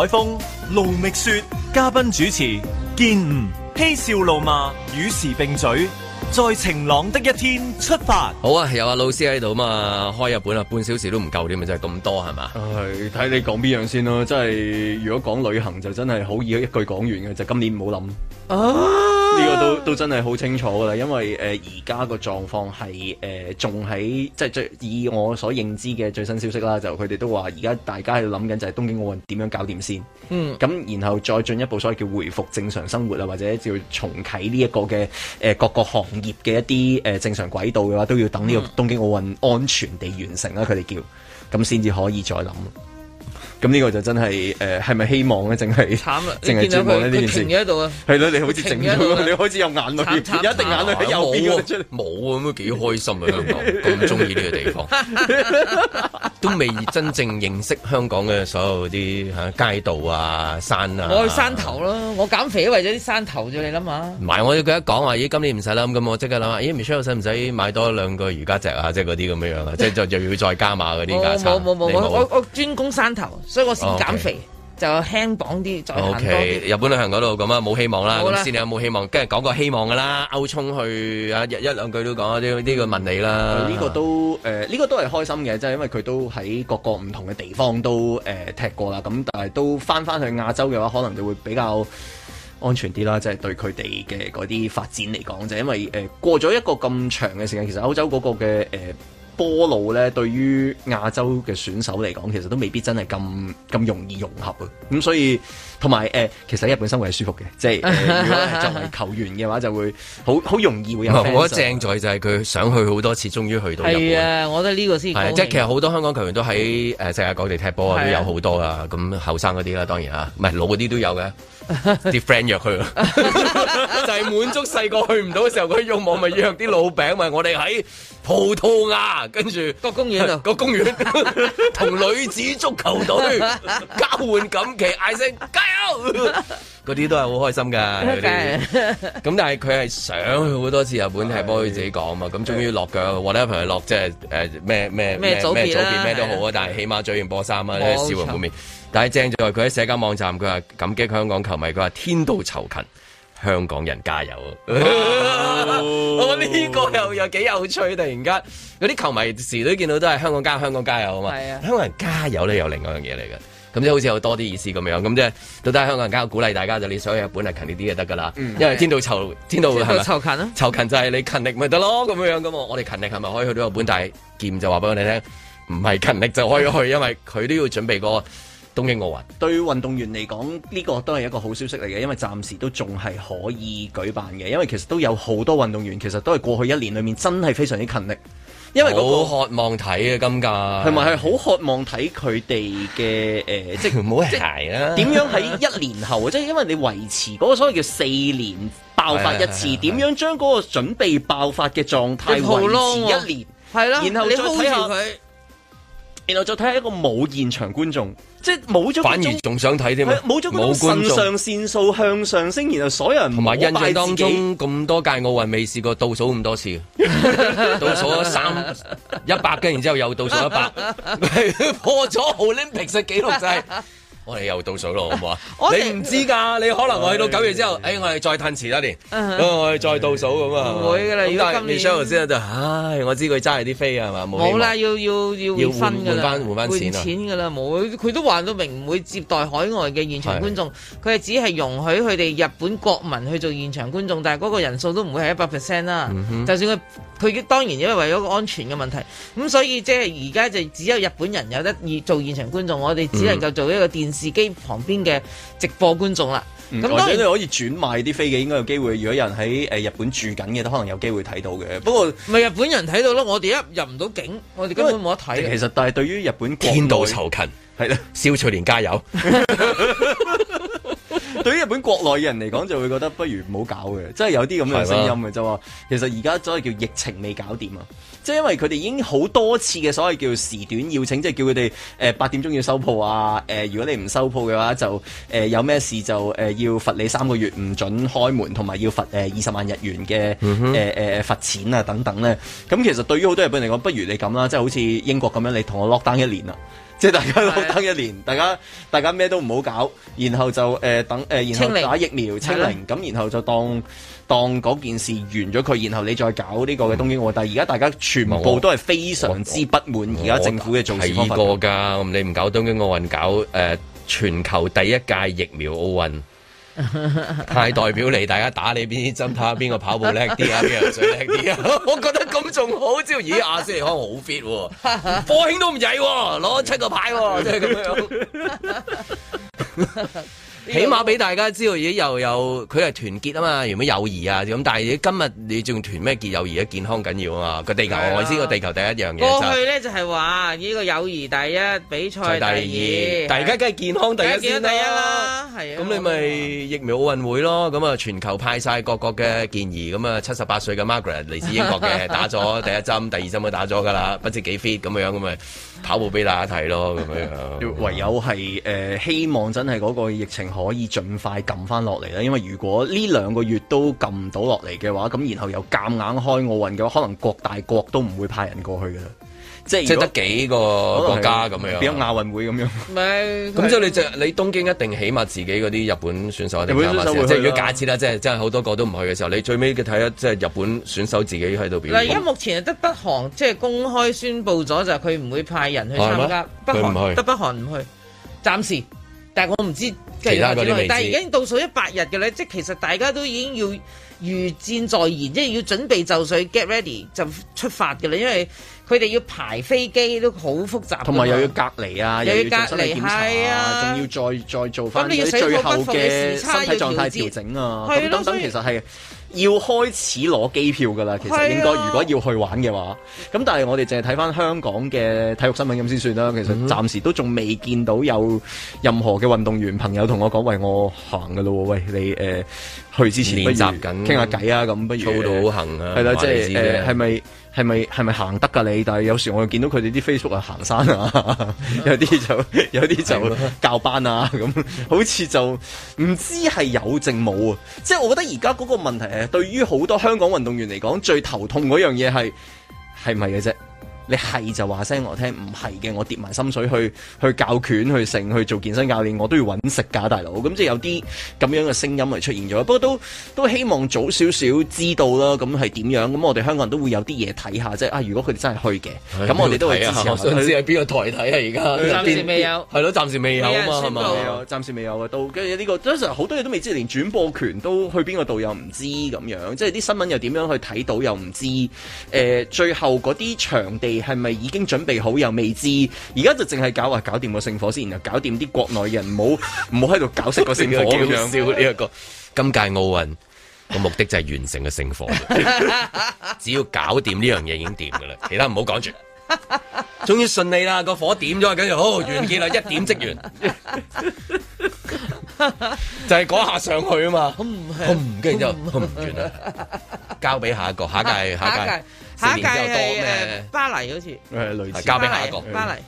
海峰盧覓雪，嘉賓主持，健吾嬉笑怒罵與時並嘴。在晴朗的一天出發。好啊，有啊，老師喺度嘛？開日本啊，半小時都唔夠添，就是，啊，就係咁多係嘛？唉，睇你講邊樣先咯。真係，如果講旅行就真係好易一句講完嘅，就今年唔好諗。呢、啊、個都都真係好清楚啦，因為誒而家個狀況係誒仲喺即係以我所認知嘅最新消息啦。就佢哋都話而家大家喺度諗緊就係東京奧運點樣搞掂先。嗯，咁然後再進一步，所謂叫回復正常生活啊，或者叫重啟呢一個嘅誒各個行業。業嘅一啲誒正常軌道嘅話，都要等呢個東京奧運安全地完成啦，佢哋叫咁先至可以再諗。咁呢個就真係誒係咪希望咧？淨係，淨係展望呢件事。見到佢停喺度啊！係咯，你好似靜咗，你好似有眼淚，有一定眼淚喺右邊出嚟。冇咁都幾開心啊！香港咁中意呢個地方，都未真正認識香港嘅所有啲街道啊、山啊。我去山頭咯，我減肥都為咗啲山頭啫，你諗下。唔係，我佢一講話，咦，今年唔使諗咁，我即刻諗下，咦，Michelle 使唔使買多兩個瑜伽席啊？即係嗰啲咁樣樣啊，即係就要再加碼嗰啲架，冇，冇我我我專攻山頭。所以我先減肥，oh, okay. 就輕綁啲就行。O、okay. K，日本旅行嗰度咁啊，冇希望啦。咁先吧你有冇希望？跟住是講個希望噶啦，歐沖去、啊、一一兩句都講呢個呢個問你啦。呢、嗯這個都誒，呢、呃這個都係開心嘅，即係因為佢都喺各個唔同嘅地方都誒、呃、踢過啦。咁但係都翻翻去亞洲嘅話，可能就會比較安全啲啦。即、就、係、是、對佢哋嘅嗰啲發展嚟講，就是、因為誒、呃、過咗一個咁長嘅時間，其實歐洲嗰個嘅誒。呃波路咧，對於亞洲嘅選手嚟講，其實都未必真係咁咁容易融合嘅。咁、嗯、所以同埋誒，其實喺日本生活係舒服嘅，即係、呃、 [laughs] 如果係作為球員嘅話，就會好好容易會有粉絲。我覺得正在就係佢想去好多次，終於去到。係啊，我覺得呢個先。即係其實好多香港球員都喺誒世界各地踢波啊，都有好多啦。咁後生嗰啲啦，當然啊，唔係老嗰啲都有嘅。啲 friend [laughs] 約佢 [laughs] 就係滿足細個去唔到嘅時候，佢用網咪約啲老餅咪我哋喺葡萄牙，跟住個公園啊個公園，同、嗯、 [laughs] 女子足球隊交換錦旗，嗌聲加油，嗰啲 [laughs] 都係好開心噶。咁但係佢係想去好多次日本，係幫佢自己講嘛。咁終於落腳，whatever 落即係誒咩咩咩組咩都好啊。的但係起碼着完波衫啊，因為笑容滿面。會 [laughs] 但係正在佢喺社交網站，佢話感激香港球迷，佢話天道酬勤，香港人加油。我 [laughs] 呢、 [laughs] 呢個又又幾有趣，突然間嗰啲球迷時都見到都係香港加香港加油啊嘛。係啊，香港人加油咧，有另外一樣嘢嚟嘅。咁即係好似有多啲意思咁樣。咁即係到底香港人加油鼓勵大家就你想去日本係勤啲啲就得噶啦。嗯、因為天道酬天道酬勤啊？酬勤就係你勤力咪得咯咁樣樣噶我哋勤力係咪可以去到日本？但係劍就話俾我哋聽，唔係勤力就可以去，因為佢都要準備個。 [laughs] [laughs] 東京奧運對運動員嚟講呢個都係一個好消息嚟嘅，因為暫時都仲係可以舉辦嘅，因為其實都有好多運動員其實都係過去一年裏面真係非常之勤力，因為好、那個、渴望睇嘅、啊、今屆，係咪？係好渴望睇佢哋嘅，誒，即係唔好鞋啦，點樣喺一年後即係 [laughs] 因為你維持嗰個所謂叫四年爆發一次，點 [laughs] 樣將嗰個準備爆發嘅狀態維持一年？係啦、嗯啊，然後你睇下。佢。 [laughs] 然後再睇下一個冇現場觀眾，即係冇咗觀眾，反而仲想睇添。冇咗觀眾，上線數向上升，然後所有人同埋印象當中，咁多屆奧運未試過倒數咁多次， [laughs] 倒數咗三一百嘅，然之後又倒數一百，破咗奧林匹克嘅紀錄就我哋又倒數咯，好唔好啊？我你唔知噶，你可能我去到九月之後，誒的、哎，我哋再褪遲一年，uh huh. 我哋再倒數咁啊！唔會噶啦，但係 Michelle 先啊，就唉，我知佢揸住啲飛啊嘛，冇啦，要要要換分噶啦，換翻換翻錢噶啦，冇，佢都話到明唔會接待海外嘅現場觀眾，佢係的只係容許佢哋日本國民去做現場觀眾，但係嗰個人數都唔會係一百 percent 啦，嗯、哼就算佢。佢當然因為為咗個安全嘅問題，咁、嗯、所以即係而家就只有日本人有得現做現場觀眾，我哋只能夠做一個電視機旁邊嘅直播觀眾啦。咁、嗯、當然你可以轉賣啲飛機，應該有機會。如果有人喺誒日本住緊嘅，都可能有機會睇到嘅。不過唔係日本人睇到咯，我哋一入唔到境，我哋根本冇得睇。其實但係對於日本天道酬勤，係啦的，笑翠蓮加油。 [laughs] 對於日本國內嘅人嚟講，就會覺得不如唔好搞嘅，即係有啲咁嘅聲音嘅啫。話的其實而家所謂叫疫情未搞掂啊，即係因為佢哋已經好多次嘅所謂叫時短要請，即係叫佢哋誒八點鐘要收鋪啊，誒、呃、如果你唔收鋪嘅話就誒、呃、有咩事就誒、呃、要罰你三個月唔准開門，同埋要罰誒二十萬日元嘅誒誒罰錢啊等等咧。咁其實對於好多日本人嚟講，不如你咁啦，即係好似英國咁樣，你同我 lock down 一年啊。即係大家等一年，大家大家咩都唔好搞，然後就誒、呃、等誒、呃，然後打疫苗清零，咁零然後就當當件事完咗佢，然後你再搞呢、這個嘅東京奧運。但係而家、嗯、大家全部都係非常之不滿而家政府嘅做事方法。係個㗎，你唔搞東京奧運，搞誒、呃、全球第一屆疫苗奧運。 [noise] 派代表嚟，大家打你邊啲針？睇下邊個跑步叻啲啊，邊個最叻啲啊？ [laughs] 我覺得咁仲好，只要咦阿斯利康好 fit，科、哦、興都唔曳、喎，攞七個牌、喎，即係咁樣。 [laughs] [laughs] 起碼俾大家知道嘢，又有佢係團結啊嘛，原本友誼啊咁，但係今日你仲團咩結友誼咧、啊？健康緊要啊嘛！個地球我知個地球第一樣嘢就過去咧，就係話呢個友誼第一，比賽第二，第二的大家梗係健康第一、啊、康第一啦、啊。咁你咪疫苗奧運會咯？咁啊，全球派晒各國嘅建議，咁啊，七十八歲嘅 Margaret 嚟自英國嘅，打咗第一針、 [laughs] 第二針都打咗㗎啦，不知幾 fit 咁樣，咁咪跑步俾大家睇咯，咁樣 [laughs] [laughs] 唯有係誒、呃、希望真係嗰個疫情。可以盡快撳翻落嚟啦，因為如果呢兩個月都撳唔到落嚟嘅話，咁然後又夾硬開奧運嘅話，可能各大國都唔會派人過去㗎喇，即係即係得幾個國家咁樣，變咗亞運會咁樣。咪咁即係你就你東京一定起碼自己嗰啲日本選手，一定即係如果假設啦，即係即係好多個都唔去嘅時候，你最尾嘅睇下，即係日本選手自己喺度表。嗱而家目前係得北韓即係公開宣布咗就係佢唔會派人去參加，北韓得北韓唔去，暫時，但係我唔知。其他嗰啲，但係已經倒數一百日嘅咧，即係其實大家都已經要如箭在弦，即係要準備就緒，get ready 就出發嘅啦。因為佢哋要排飛機都好複雜，同埋又要隔離啊，又要做身體檢查啊，仲要再再做翻啲最後嘅身體狀態調整啊，咁等等其實係。要開始攞機票㗎喇，其實應該如果要去玩嘅話，咁、啊、但係我哋淨係睇返香港嘅體育新聞咁先算啦。其實暫時都仲未見到有任何嘅運動員朋友同我講為我行嘅咯喎，喂你誒。呃去之前練習緊，傾下偈啊咁，不如操到好行啊，係啦的，壞 即係是誒，係咪係咪係咪行得噶㗎你？但係有時我見到佢哋啲 Facebook 啊，行 [laughs] 山，有啲就有啲就教班啊咁， [laughs] 好似就唔知係有剩冇啊！即係我覺得而家嗰個問題係對於好多香港運動員嚟講，最頭痛嗰樣嘢係係咪嘅啫？是你係就話聲我聽，唔係嘅，我跌埋心水去去教拳，去成去做健身教練，我都要揾食㗎，大佬。咁即係有啲咁樣嘅聲音嚟出現咗。不過都都希望早少少知道啦，咁係點樣？咁我哋香港人都會有啲嘢睇下即係。啊，如果佢哋真係去嘅，咁的我哋、啊、都會支持。我想知係邊個台睇啊？而家暫時未有，係咯，暫時未有啊嘛，係嘛吧？暫時未有啊，都跟住呢個，其實好多嘢都未知，連轉播權都去邊個度，又唔知咁樣，即係啲新聞又點樣去睇到又唔知。誒、呃，最後嗰啲場地。係咪已經準備好又未知？而家就淨係搞話搞掂個聖火先，然後搞掂啲國內人，唔 [laughs] 好唔好喺度搞熄個聖火。咁樣呢一個今屆奧運個目的就係完成個聖火， [laughs] 只要搞掂呢樣嘢已經掂噶啦，其他唔好講住。終於順利啦，個火點咗跟住好完結啦，一點即完， [laughs] 就係講下上去啊嘛。唔跟住就唔完啦，交俾下一個，下屆下屆。下四年比較多咩？巴黎好似，誒類似。交俾下一個。巴黎，巴黎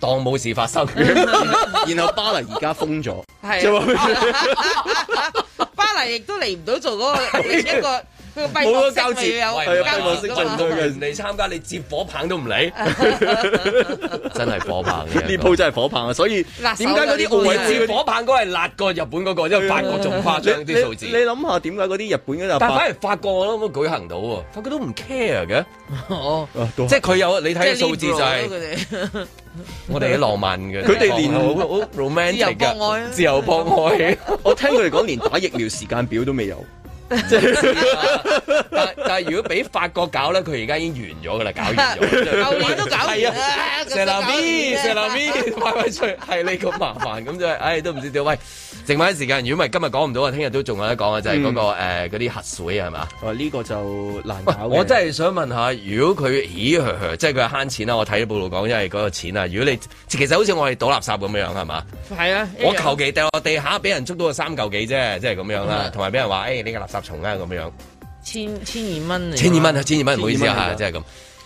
當冇事發生， [laughs] 然後巴黎而家封咗，係啊。巴黎亦都嚟唔到做嗰、嗰個、 [laughs] 一個。冇得交接，係啊！不陌生人嚟參加，你接火棒都唔理，真係火棒呢鋪真係火棒啊！所以點解嗰啲奧運接火棒嗰係辣過日本嗰個，因為法國仲誇張啲數字。你諗下點解嗰啲日本嗰個，但反而法國都咁樣舉行到喎，法國都唔 care 嘅，即係佢有你睇數字就係我哋係浪漫嘅，佢哋連好 romantic 自由博愛，自由博愛。我聽佢哋講，連打疫苗時間表都未有。即係，但但係如果俾法國搞咧，佢而家已經完咗㗎啦，搞完咗，係啊，蛇頭咪？蛇頭 B，喂喂喂，係你咁麻煩，咁就，唉，都唔知點喂。剩翻時間，如果唔係今日講唔到啊，聽日都仲有得講啊，就係嗰個誒嗰啲核水啊，係嘛？呢個就難搞。我真係想問下，如果佢咦即係佢慳錢啦，我睇咗報道講，因為嗰個錢啊，如果你其實好似我哋倒垃圾咁樣樣係嘛？係啊，我求其掉落地下，俾人捉到個三嚿幾啫，即係咁樣啦。同埋俾人話，誒呢個垃圾。重啊咁樣，千千二蚊，千二蚊啊，千二蚊，唔好意思啊，即係咁。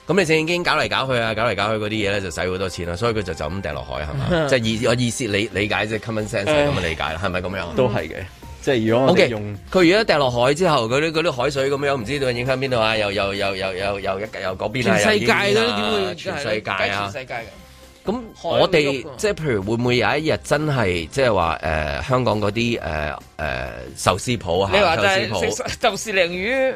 咁你攝影搞嚟搞去啊，搞嚟搞去嗰啲嘢咧就使好多錢啦，所以佢就 [laughs] 就咁掉落海係嘛，即係意我意思理理解即係 common sense 咁嘅理解，係咪咁樣？都係嘅，即係如果佢如果掉落海之後，嗰啲啲海水咁樣，唔知道影響邊度啊？又又又又又又又嗰邊啊？全世界啦，點會全世界啊？全世界嘅。咁我哋即係譬如會唔會有一日真係即係話誒香港嗰啲誒誒壽司鋪啊，壽司鋪、壽司鯪魚、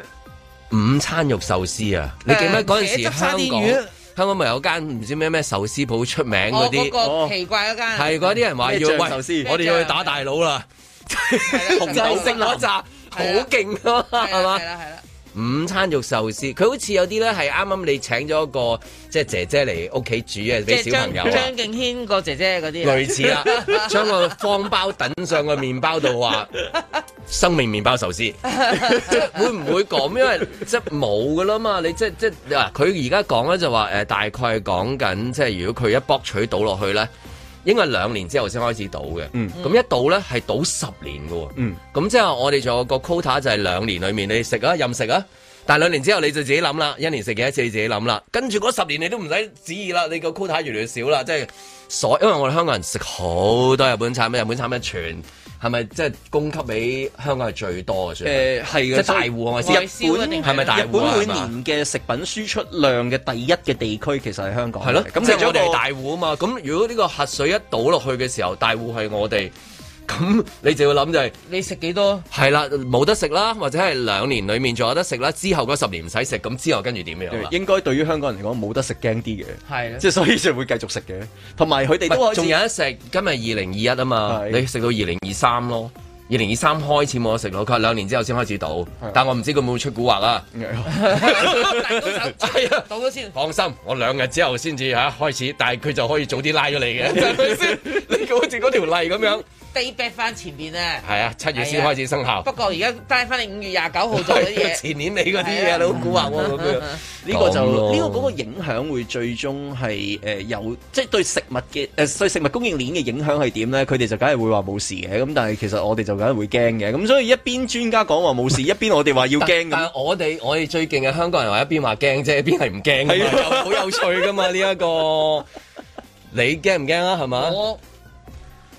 午餐肉壽司啊？你記唔記得嗰陣時香港香港咪有間唔知咩咩壽司鋪出名嗰啲？奇怪嗰間係嗰啲人話要喂壽司，我哋要去打大佬啦，紅酒色嗰扎好勁啊，係嘛？午餐肉壽司，佢好似有啲咧，係啱啱你請咗個即係姐姐嚟屋企煮嘅，俾小朋友張敬軒個姐姐嗰啲類似啊，將個 [laughs] 方包揼上個麵包度話 [laughs] 生命麵包壽司，即係 [laughs] [laughs] 會唔會講？因為即係冇噶啦嘛，你即即嗱佢而家講咧就話誒、呃、大概講緊，即係如果佢一卜取到落去咧。應該係兩年之後先開始倒嘅，咁、嗯、一倒咧係倒十年㗎，咁、嗯、之後我哋仲有個 quota 就係兩年裡面你食啊，任食啊，但係兩年之後你就自己諗啦，一年食幾多次你自己諗啦，跟住嗰十年你都唔使旨意啦，你個 quota 越嚟越少啦，即係所因為我哋香港人食好多日本產品，日本產品全。係咪即係供給俾香港係最多嘅？誒係嘅，即係大戶啊！以我知試，日本係咪大戶？日本每年嘅食品輸出量嘅第一嘅地區其實係香港。係咯的，咁即係我哋係大戶啊嘛。咁如果呢個核水一倒落去嘅時候，大戶係我哋。咁你就要諗就係你食幾多？係啦，冇得食啦，或者係兩年裏面仲有得食啦。之後嗰十年唔使食，咁之後跟住點樣？應該對於香港人嚟講，冇得食驚啲嘅，係即係所以就會繼續食嘅。同埋佢哋都仲有一食，今日二零二一啊嘛，你食到二零二三咯，二零二三開始冇得食咯。佢兩年之後先開始賭，但我唔知佢會唔會出古惑啊？係啊，賭咗先，放心，我兩日之後先至吓開始，但係佢就可以早啲拉咗你嘅，先？你好似嗰條例咁樣。b a c 翻前邊咧，係啊，七月先開始生效。啊、不過而家翻翻你五月廿九號做 [laughs] 前年尾嗰啲嘢，你好古惑喎。呢 [laughs] 個就呢了個嗰個影響會最終係誒有，即係對食物嘅誒對食物供應鏈嘅影響係點咧？佢哋就梗係會話冇事嘅。咁但係其實我哋就梗係會驚嘅。咁所以一邊專家講話冇事， [laughs] 一邊我哋話要驚。但我哋我哋最勁嘅香港人話一邊話驚啫，一邊係唔驚？係好、啊、 [laughs] 有，有趣噶嘛呢一個， [laughs] 你驚唔驚啊？係咪？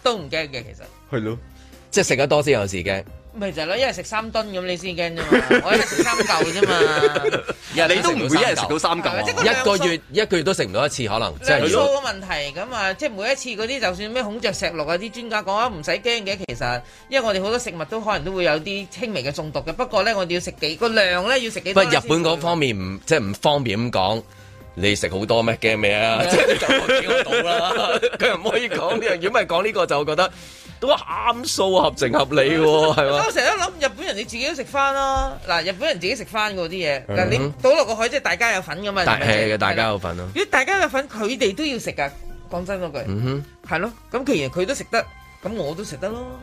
都唔驚嘅，其實係咯， [noise] 即係食得多先有事驚。咪就係咯，因為食三噸咁你先驚啫嘛，我一食三嚿啫嘛。你都唔會一日食到三嚿，一個月一個月都食唔到一次可能，就係。量數嘅問題，咁啊了，即係每一次嗰啲，就算咩孔雀石綠啊，啲專家講啊唔使驚嘅，其實，因為我哋好多食物都可能都會有啲輕微嘅中毒嘅。不過咧，我哋要食幾個量咧，要食幾。不過日本嗰方面唔即係唔方便咁講。你食好多咩驚咩啊？即係就唔見得到啦。佢又唔可以講呢樣嘢，如果咪講呢個就我覺得都啱數，合情合理。我成日都諗日本人你自己都食翻咯。嗱，日本人自己食翻嗰啲嘢，嗱你倒落個海，即係大家有份噶嘛？係嘅，大家有份咯。咦，大家有份，佢哋都要食噶。講真嗰句，嗯哼，係咯。咁其實佢都食得，咁我都食得咯。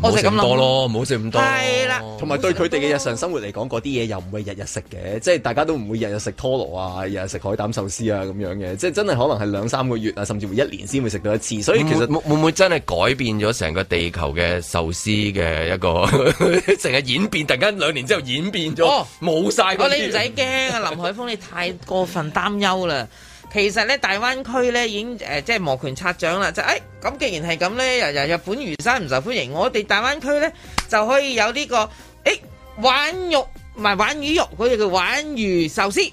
冇食咁多咯，冇食咁多。係啦了，同埋對佢哋嘅日常生活嚟講，嗰啲嘢又唔會日日食嘅，即係大家都唔會日日食拖羅啊，日日食海膽壽司啊咁樣嘅，即係真係可能係兩三個月啊，甚至乎一年先會食到一次。所以其實會唔會，會真係改變咗成個地球嘅壽司嘅一個成 [laughs] 日演變，突然間兩年之後演變咗，冇晒、哦哦。你唔使驚啊，林海峰，你太過分擔憂啦。其實咧，大灣區咧已經誒、呃，即係摩拳擦掌啦。就誒，咁、哎、既然係咁咧，日日日本魚生唔受歡迎，我哋大灣區咧就可以有呢、呢個誒，鰻、哎、肉唔係鰻魚肉，佢哋叫鰻魚壽司，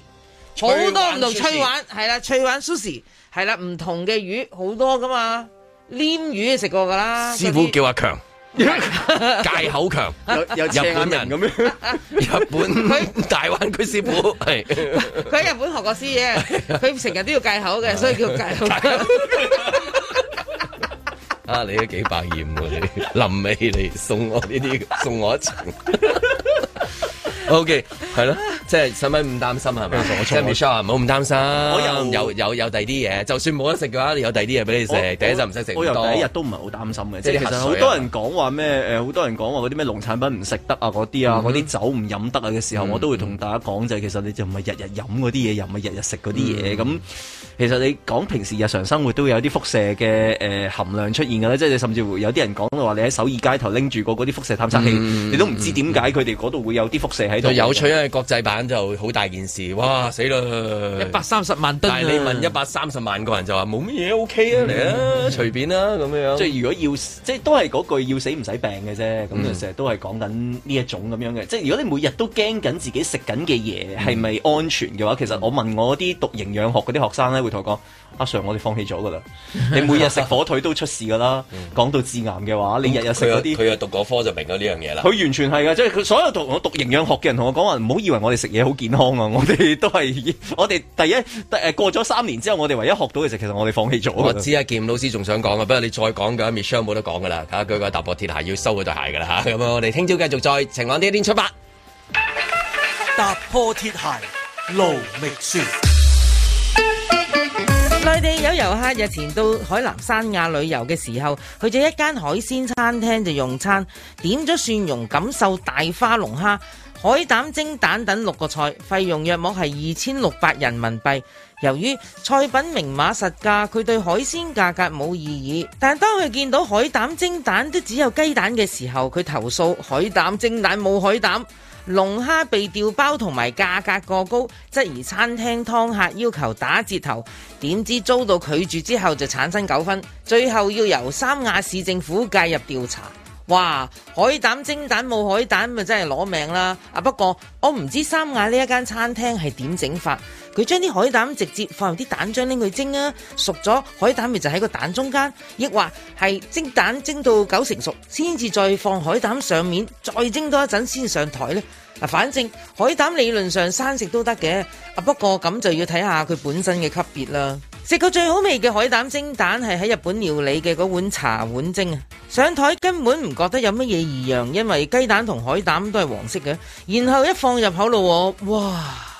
好吹玩 多唔同翠鰻，係玩啦，翠鰻 Sushi 係玩啦，唔同嘅魚好多㗎嘛，黏魚食過㗎啦。師傅叫阿強。戒口強，又日本人咁樣，日本佢大灣區師傅係，佢喺日本學過師爺，佢成日都要戒口嘅，所以叫戒口。啊，你都幾百厭嘅，臨尾你送我呢啲，送我一層。O K。係咯，即係使唔使咁擔心？係咪？即係唔好唔擔心。有有有第啲嘢，就算冇得食嘅話，有第啲嘢俾你食。第一就唔使食，第一日都唔係好擔心嘅。即係其實好多人講話咩？誒，好多人講話嗰啲咩農產品唔食得啊，嗰啲啊，嗰啲酒唔飲得啊嘅時候，我都會同大家講就係其實你就唔係日日飲嗰啲嘢，又唔係日日食嗰啲嘢。咁其實你講平時日常生活都有啲輻射嘅誒含量出現嘅，即係甚至乎有啲人講到話你喺首爾街頭拎住個嗰啲輻射探測器，你都唔知點解佢哋嗰度會有啲輻射喺度。有國際版就好大件事，哇死啦！一百三十萬噸、啊，但係你問一百三十萬個人就話冇乜嘢 OK 啊嚟、嗯、啊，隨便啦、啊、咁樣。即係如果要，即係都係嗰句要死唔使病嘅啫。咁、嗯、就成日都係講緊呢一種咁樣嘅。即係如果你每日都驚緊自己食緊嘅嘢係咪安全嘅話，嗯、其實我問我啲讀營養學嗰啲學生咧，會同我講。阿、啊、Sir，我哋放棄咗噶啦。你每日食火腿都出事噶啦。講、 [laughs] 嗯、到致癌嘅話，你日日食嗰啲，佢又讀嗰科就明咗呢樣嘢啦。佢完全係噶，即係佢所有同我讀營養學嘅人同我講話，唔好營以為我哋食嘢好健康啊！我哋都係，我哋第一誒過咗三年之後，我哋唯一學到嘅就其實我哋放棄咗。我知阿健老師仲想講啊，不過你再講嘅、mm hmm. Michelle 冇得講噶啦。吓，佢個踏破鐵鞋要收嗰對鞋噶啦吓。咁我哋聽朝繼續再晴朗嘅一天出發。 [laughs] 踏破鐵鞋路未絕。內地有遊客日前到海南三亞旅遊嘅時候，去咗一間海鮮餐廳就用餐，點咗蒜蓉錦繡大花龍蝦、海膽蒸蛋等六個菜，費用約莫係二千六百人民幣。由於菜品明碼實價，佢對海鮮價格冇異議。但係當佢見到海膽蒸蛋都只有雞蛋嘅時候，佢投訴海膽蒸蛋冇海膽。龍蝦被調包同埋價格過高，質疑餐廳湯客要求打折頭，點知遭到拒絕之後就產生糾紛，最後要由三亞市政府介入調查。哇，海膽蒸蛋冇海膽咪真係攞命啦！啊，不過我唔知三亞呢一間餐廳係點整法。佢將啲海膽直接放入啲蛋漿拎去蒸啊，熟咗海膽味就喺個蛋中間，亦或係蒸蛋蒸到九成熟先至再放海膽上面，再蒸多一陣先上台呢。嗱，反正海膽理論上生食都得嘅，啊不過咁就要睇下佢本身嘅級別啦。食過最好味嘅海膽蒸蛋係喺日本料理嘅嗰碗茶碗蒸啊，上台根本唔覺得有乜嘢異樣，因為雞蛋同海膽都係黃色嘅。然後一放入口咯，哇！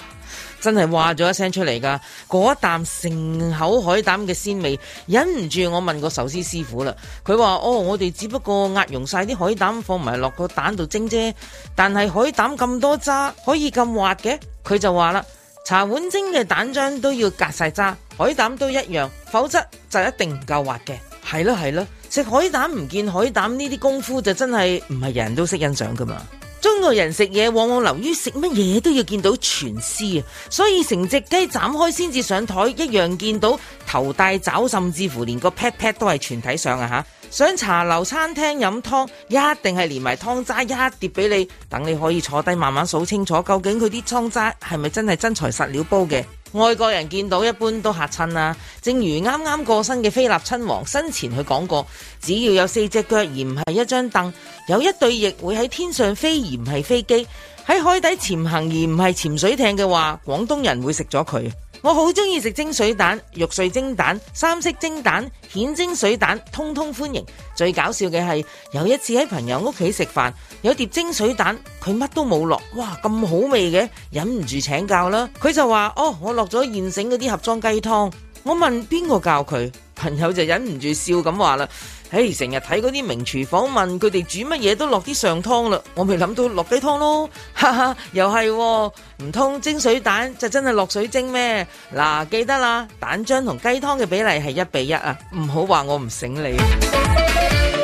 真係話咗一聲出嚟噶，嗰一啖成口海膽嘅鮮味，忍唔住我問個壽司師傅啦。佢話：哦，我哋只不過壓溶晒啲海膽，放埋落個蛋度蒸啫。但係海膽咁多渣，可以咁滑嘅？佢就話啦，茶碗蒸嘅蛋漿都要隔晒渣，海膽都一樣，否則就一定唔夠滑嘅。係咯係咯，食海膽唔見海膽呢啲功夫就真係唔係人人都識欣賞噶嘛。中國人食嘢往往流於食乜嘢都要見到全屍，所以成隻雞斬開先至上枱，一樣見到頭帶爪，甚至乎連個 pat pat 都係全體上啊，上茶樓餐廳飲湯，一定係連埋湯渣一碟俾你，等你可以坐低慢慢數清楚，究竟佢啲湯渣係咪真係真材實料煲嘅？外國人見到一般都嚇親啦。正如啱啱過身嘅菲臘親王生前佢講過，只要有四隻腳而唔係一張凳，有一對翼會喺天上飛而唔係飛機，喺海底潛行而唔係潛水艇嘅話，廣東人會食咗佢。我好中意食蒸水蛋、肉碎蒸蛋、三色蒸蛋、蜆蒸水蛋，通通歡迎。最搞笑嘅係，有一次喺朋友屋企食飯，有碟蒸水蛋，佢乜都冇落，哇咁好味嘅，忍唔住請教啦。佢就話：哦，我落咗現成嗰啲盒裝雞湯。我問邊個教佢，朋友就忍唔住笑咁話啦。誒，成日睇嗰啲名廚訪問，佢哋煮乜嘢都落啲上湯啦，我咪諗到落雞湯咯，哈 [laughs] 哈，啊，又係，唔通蒸水蛋就真係落水蒸咩？嗱，記得啦，蛋漿同雞湯嘅比例係一比一啊，唔好話我唔醒你。 [music]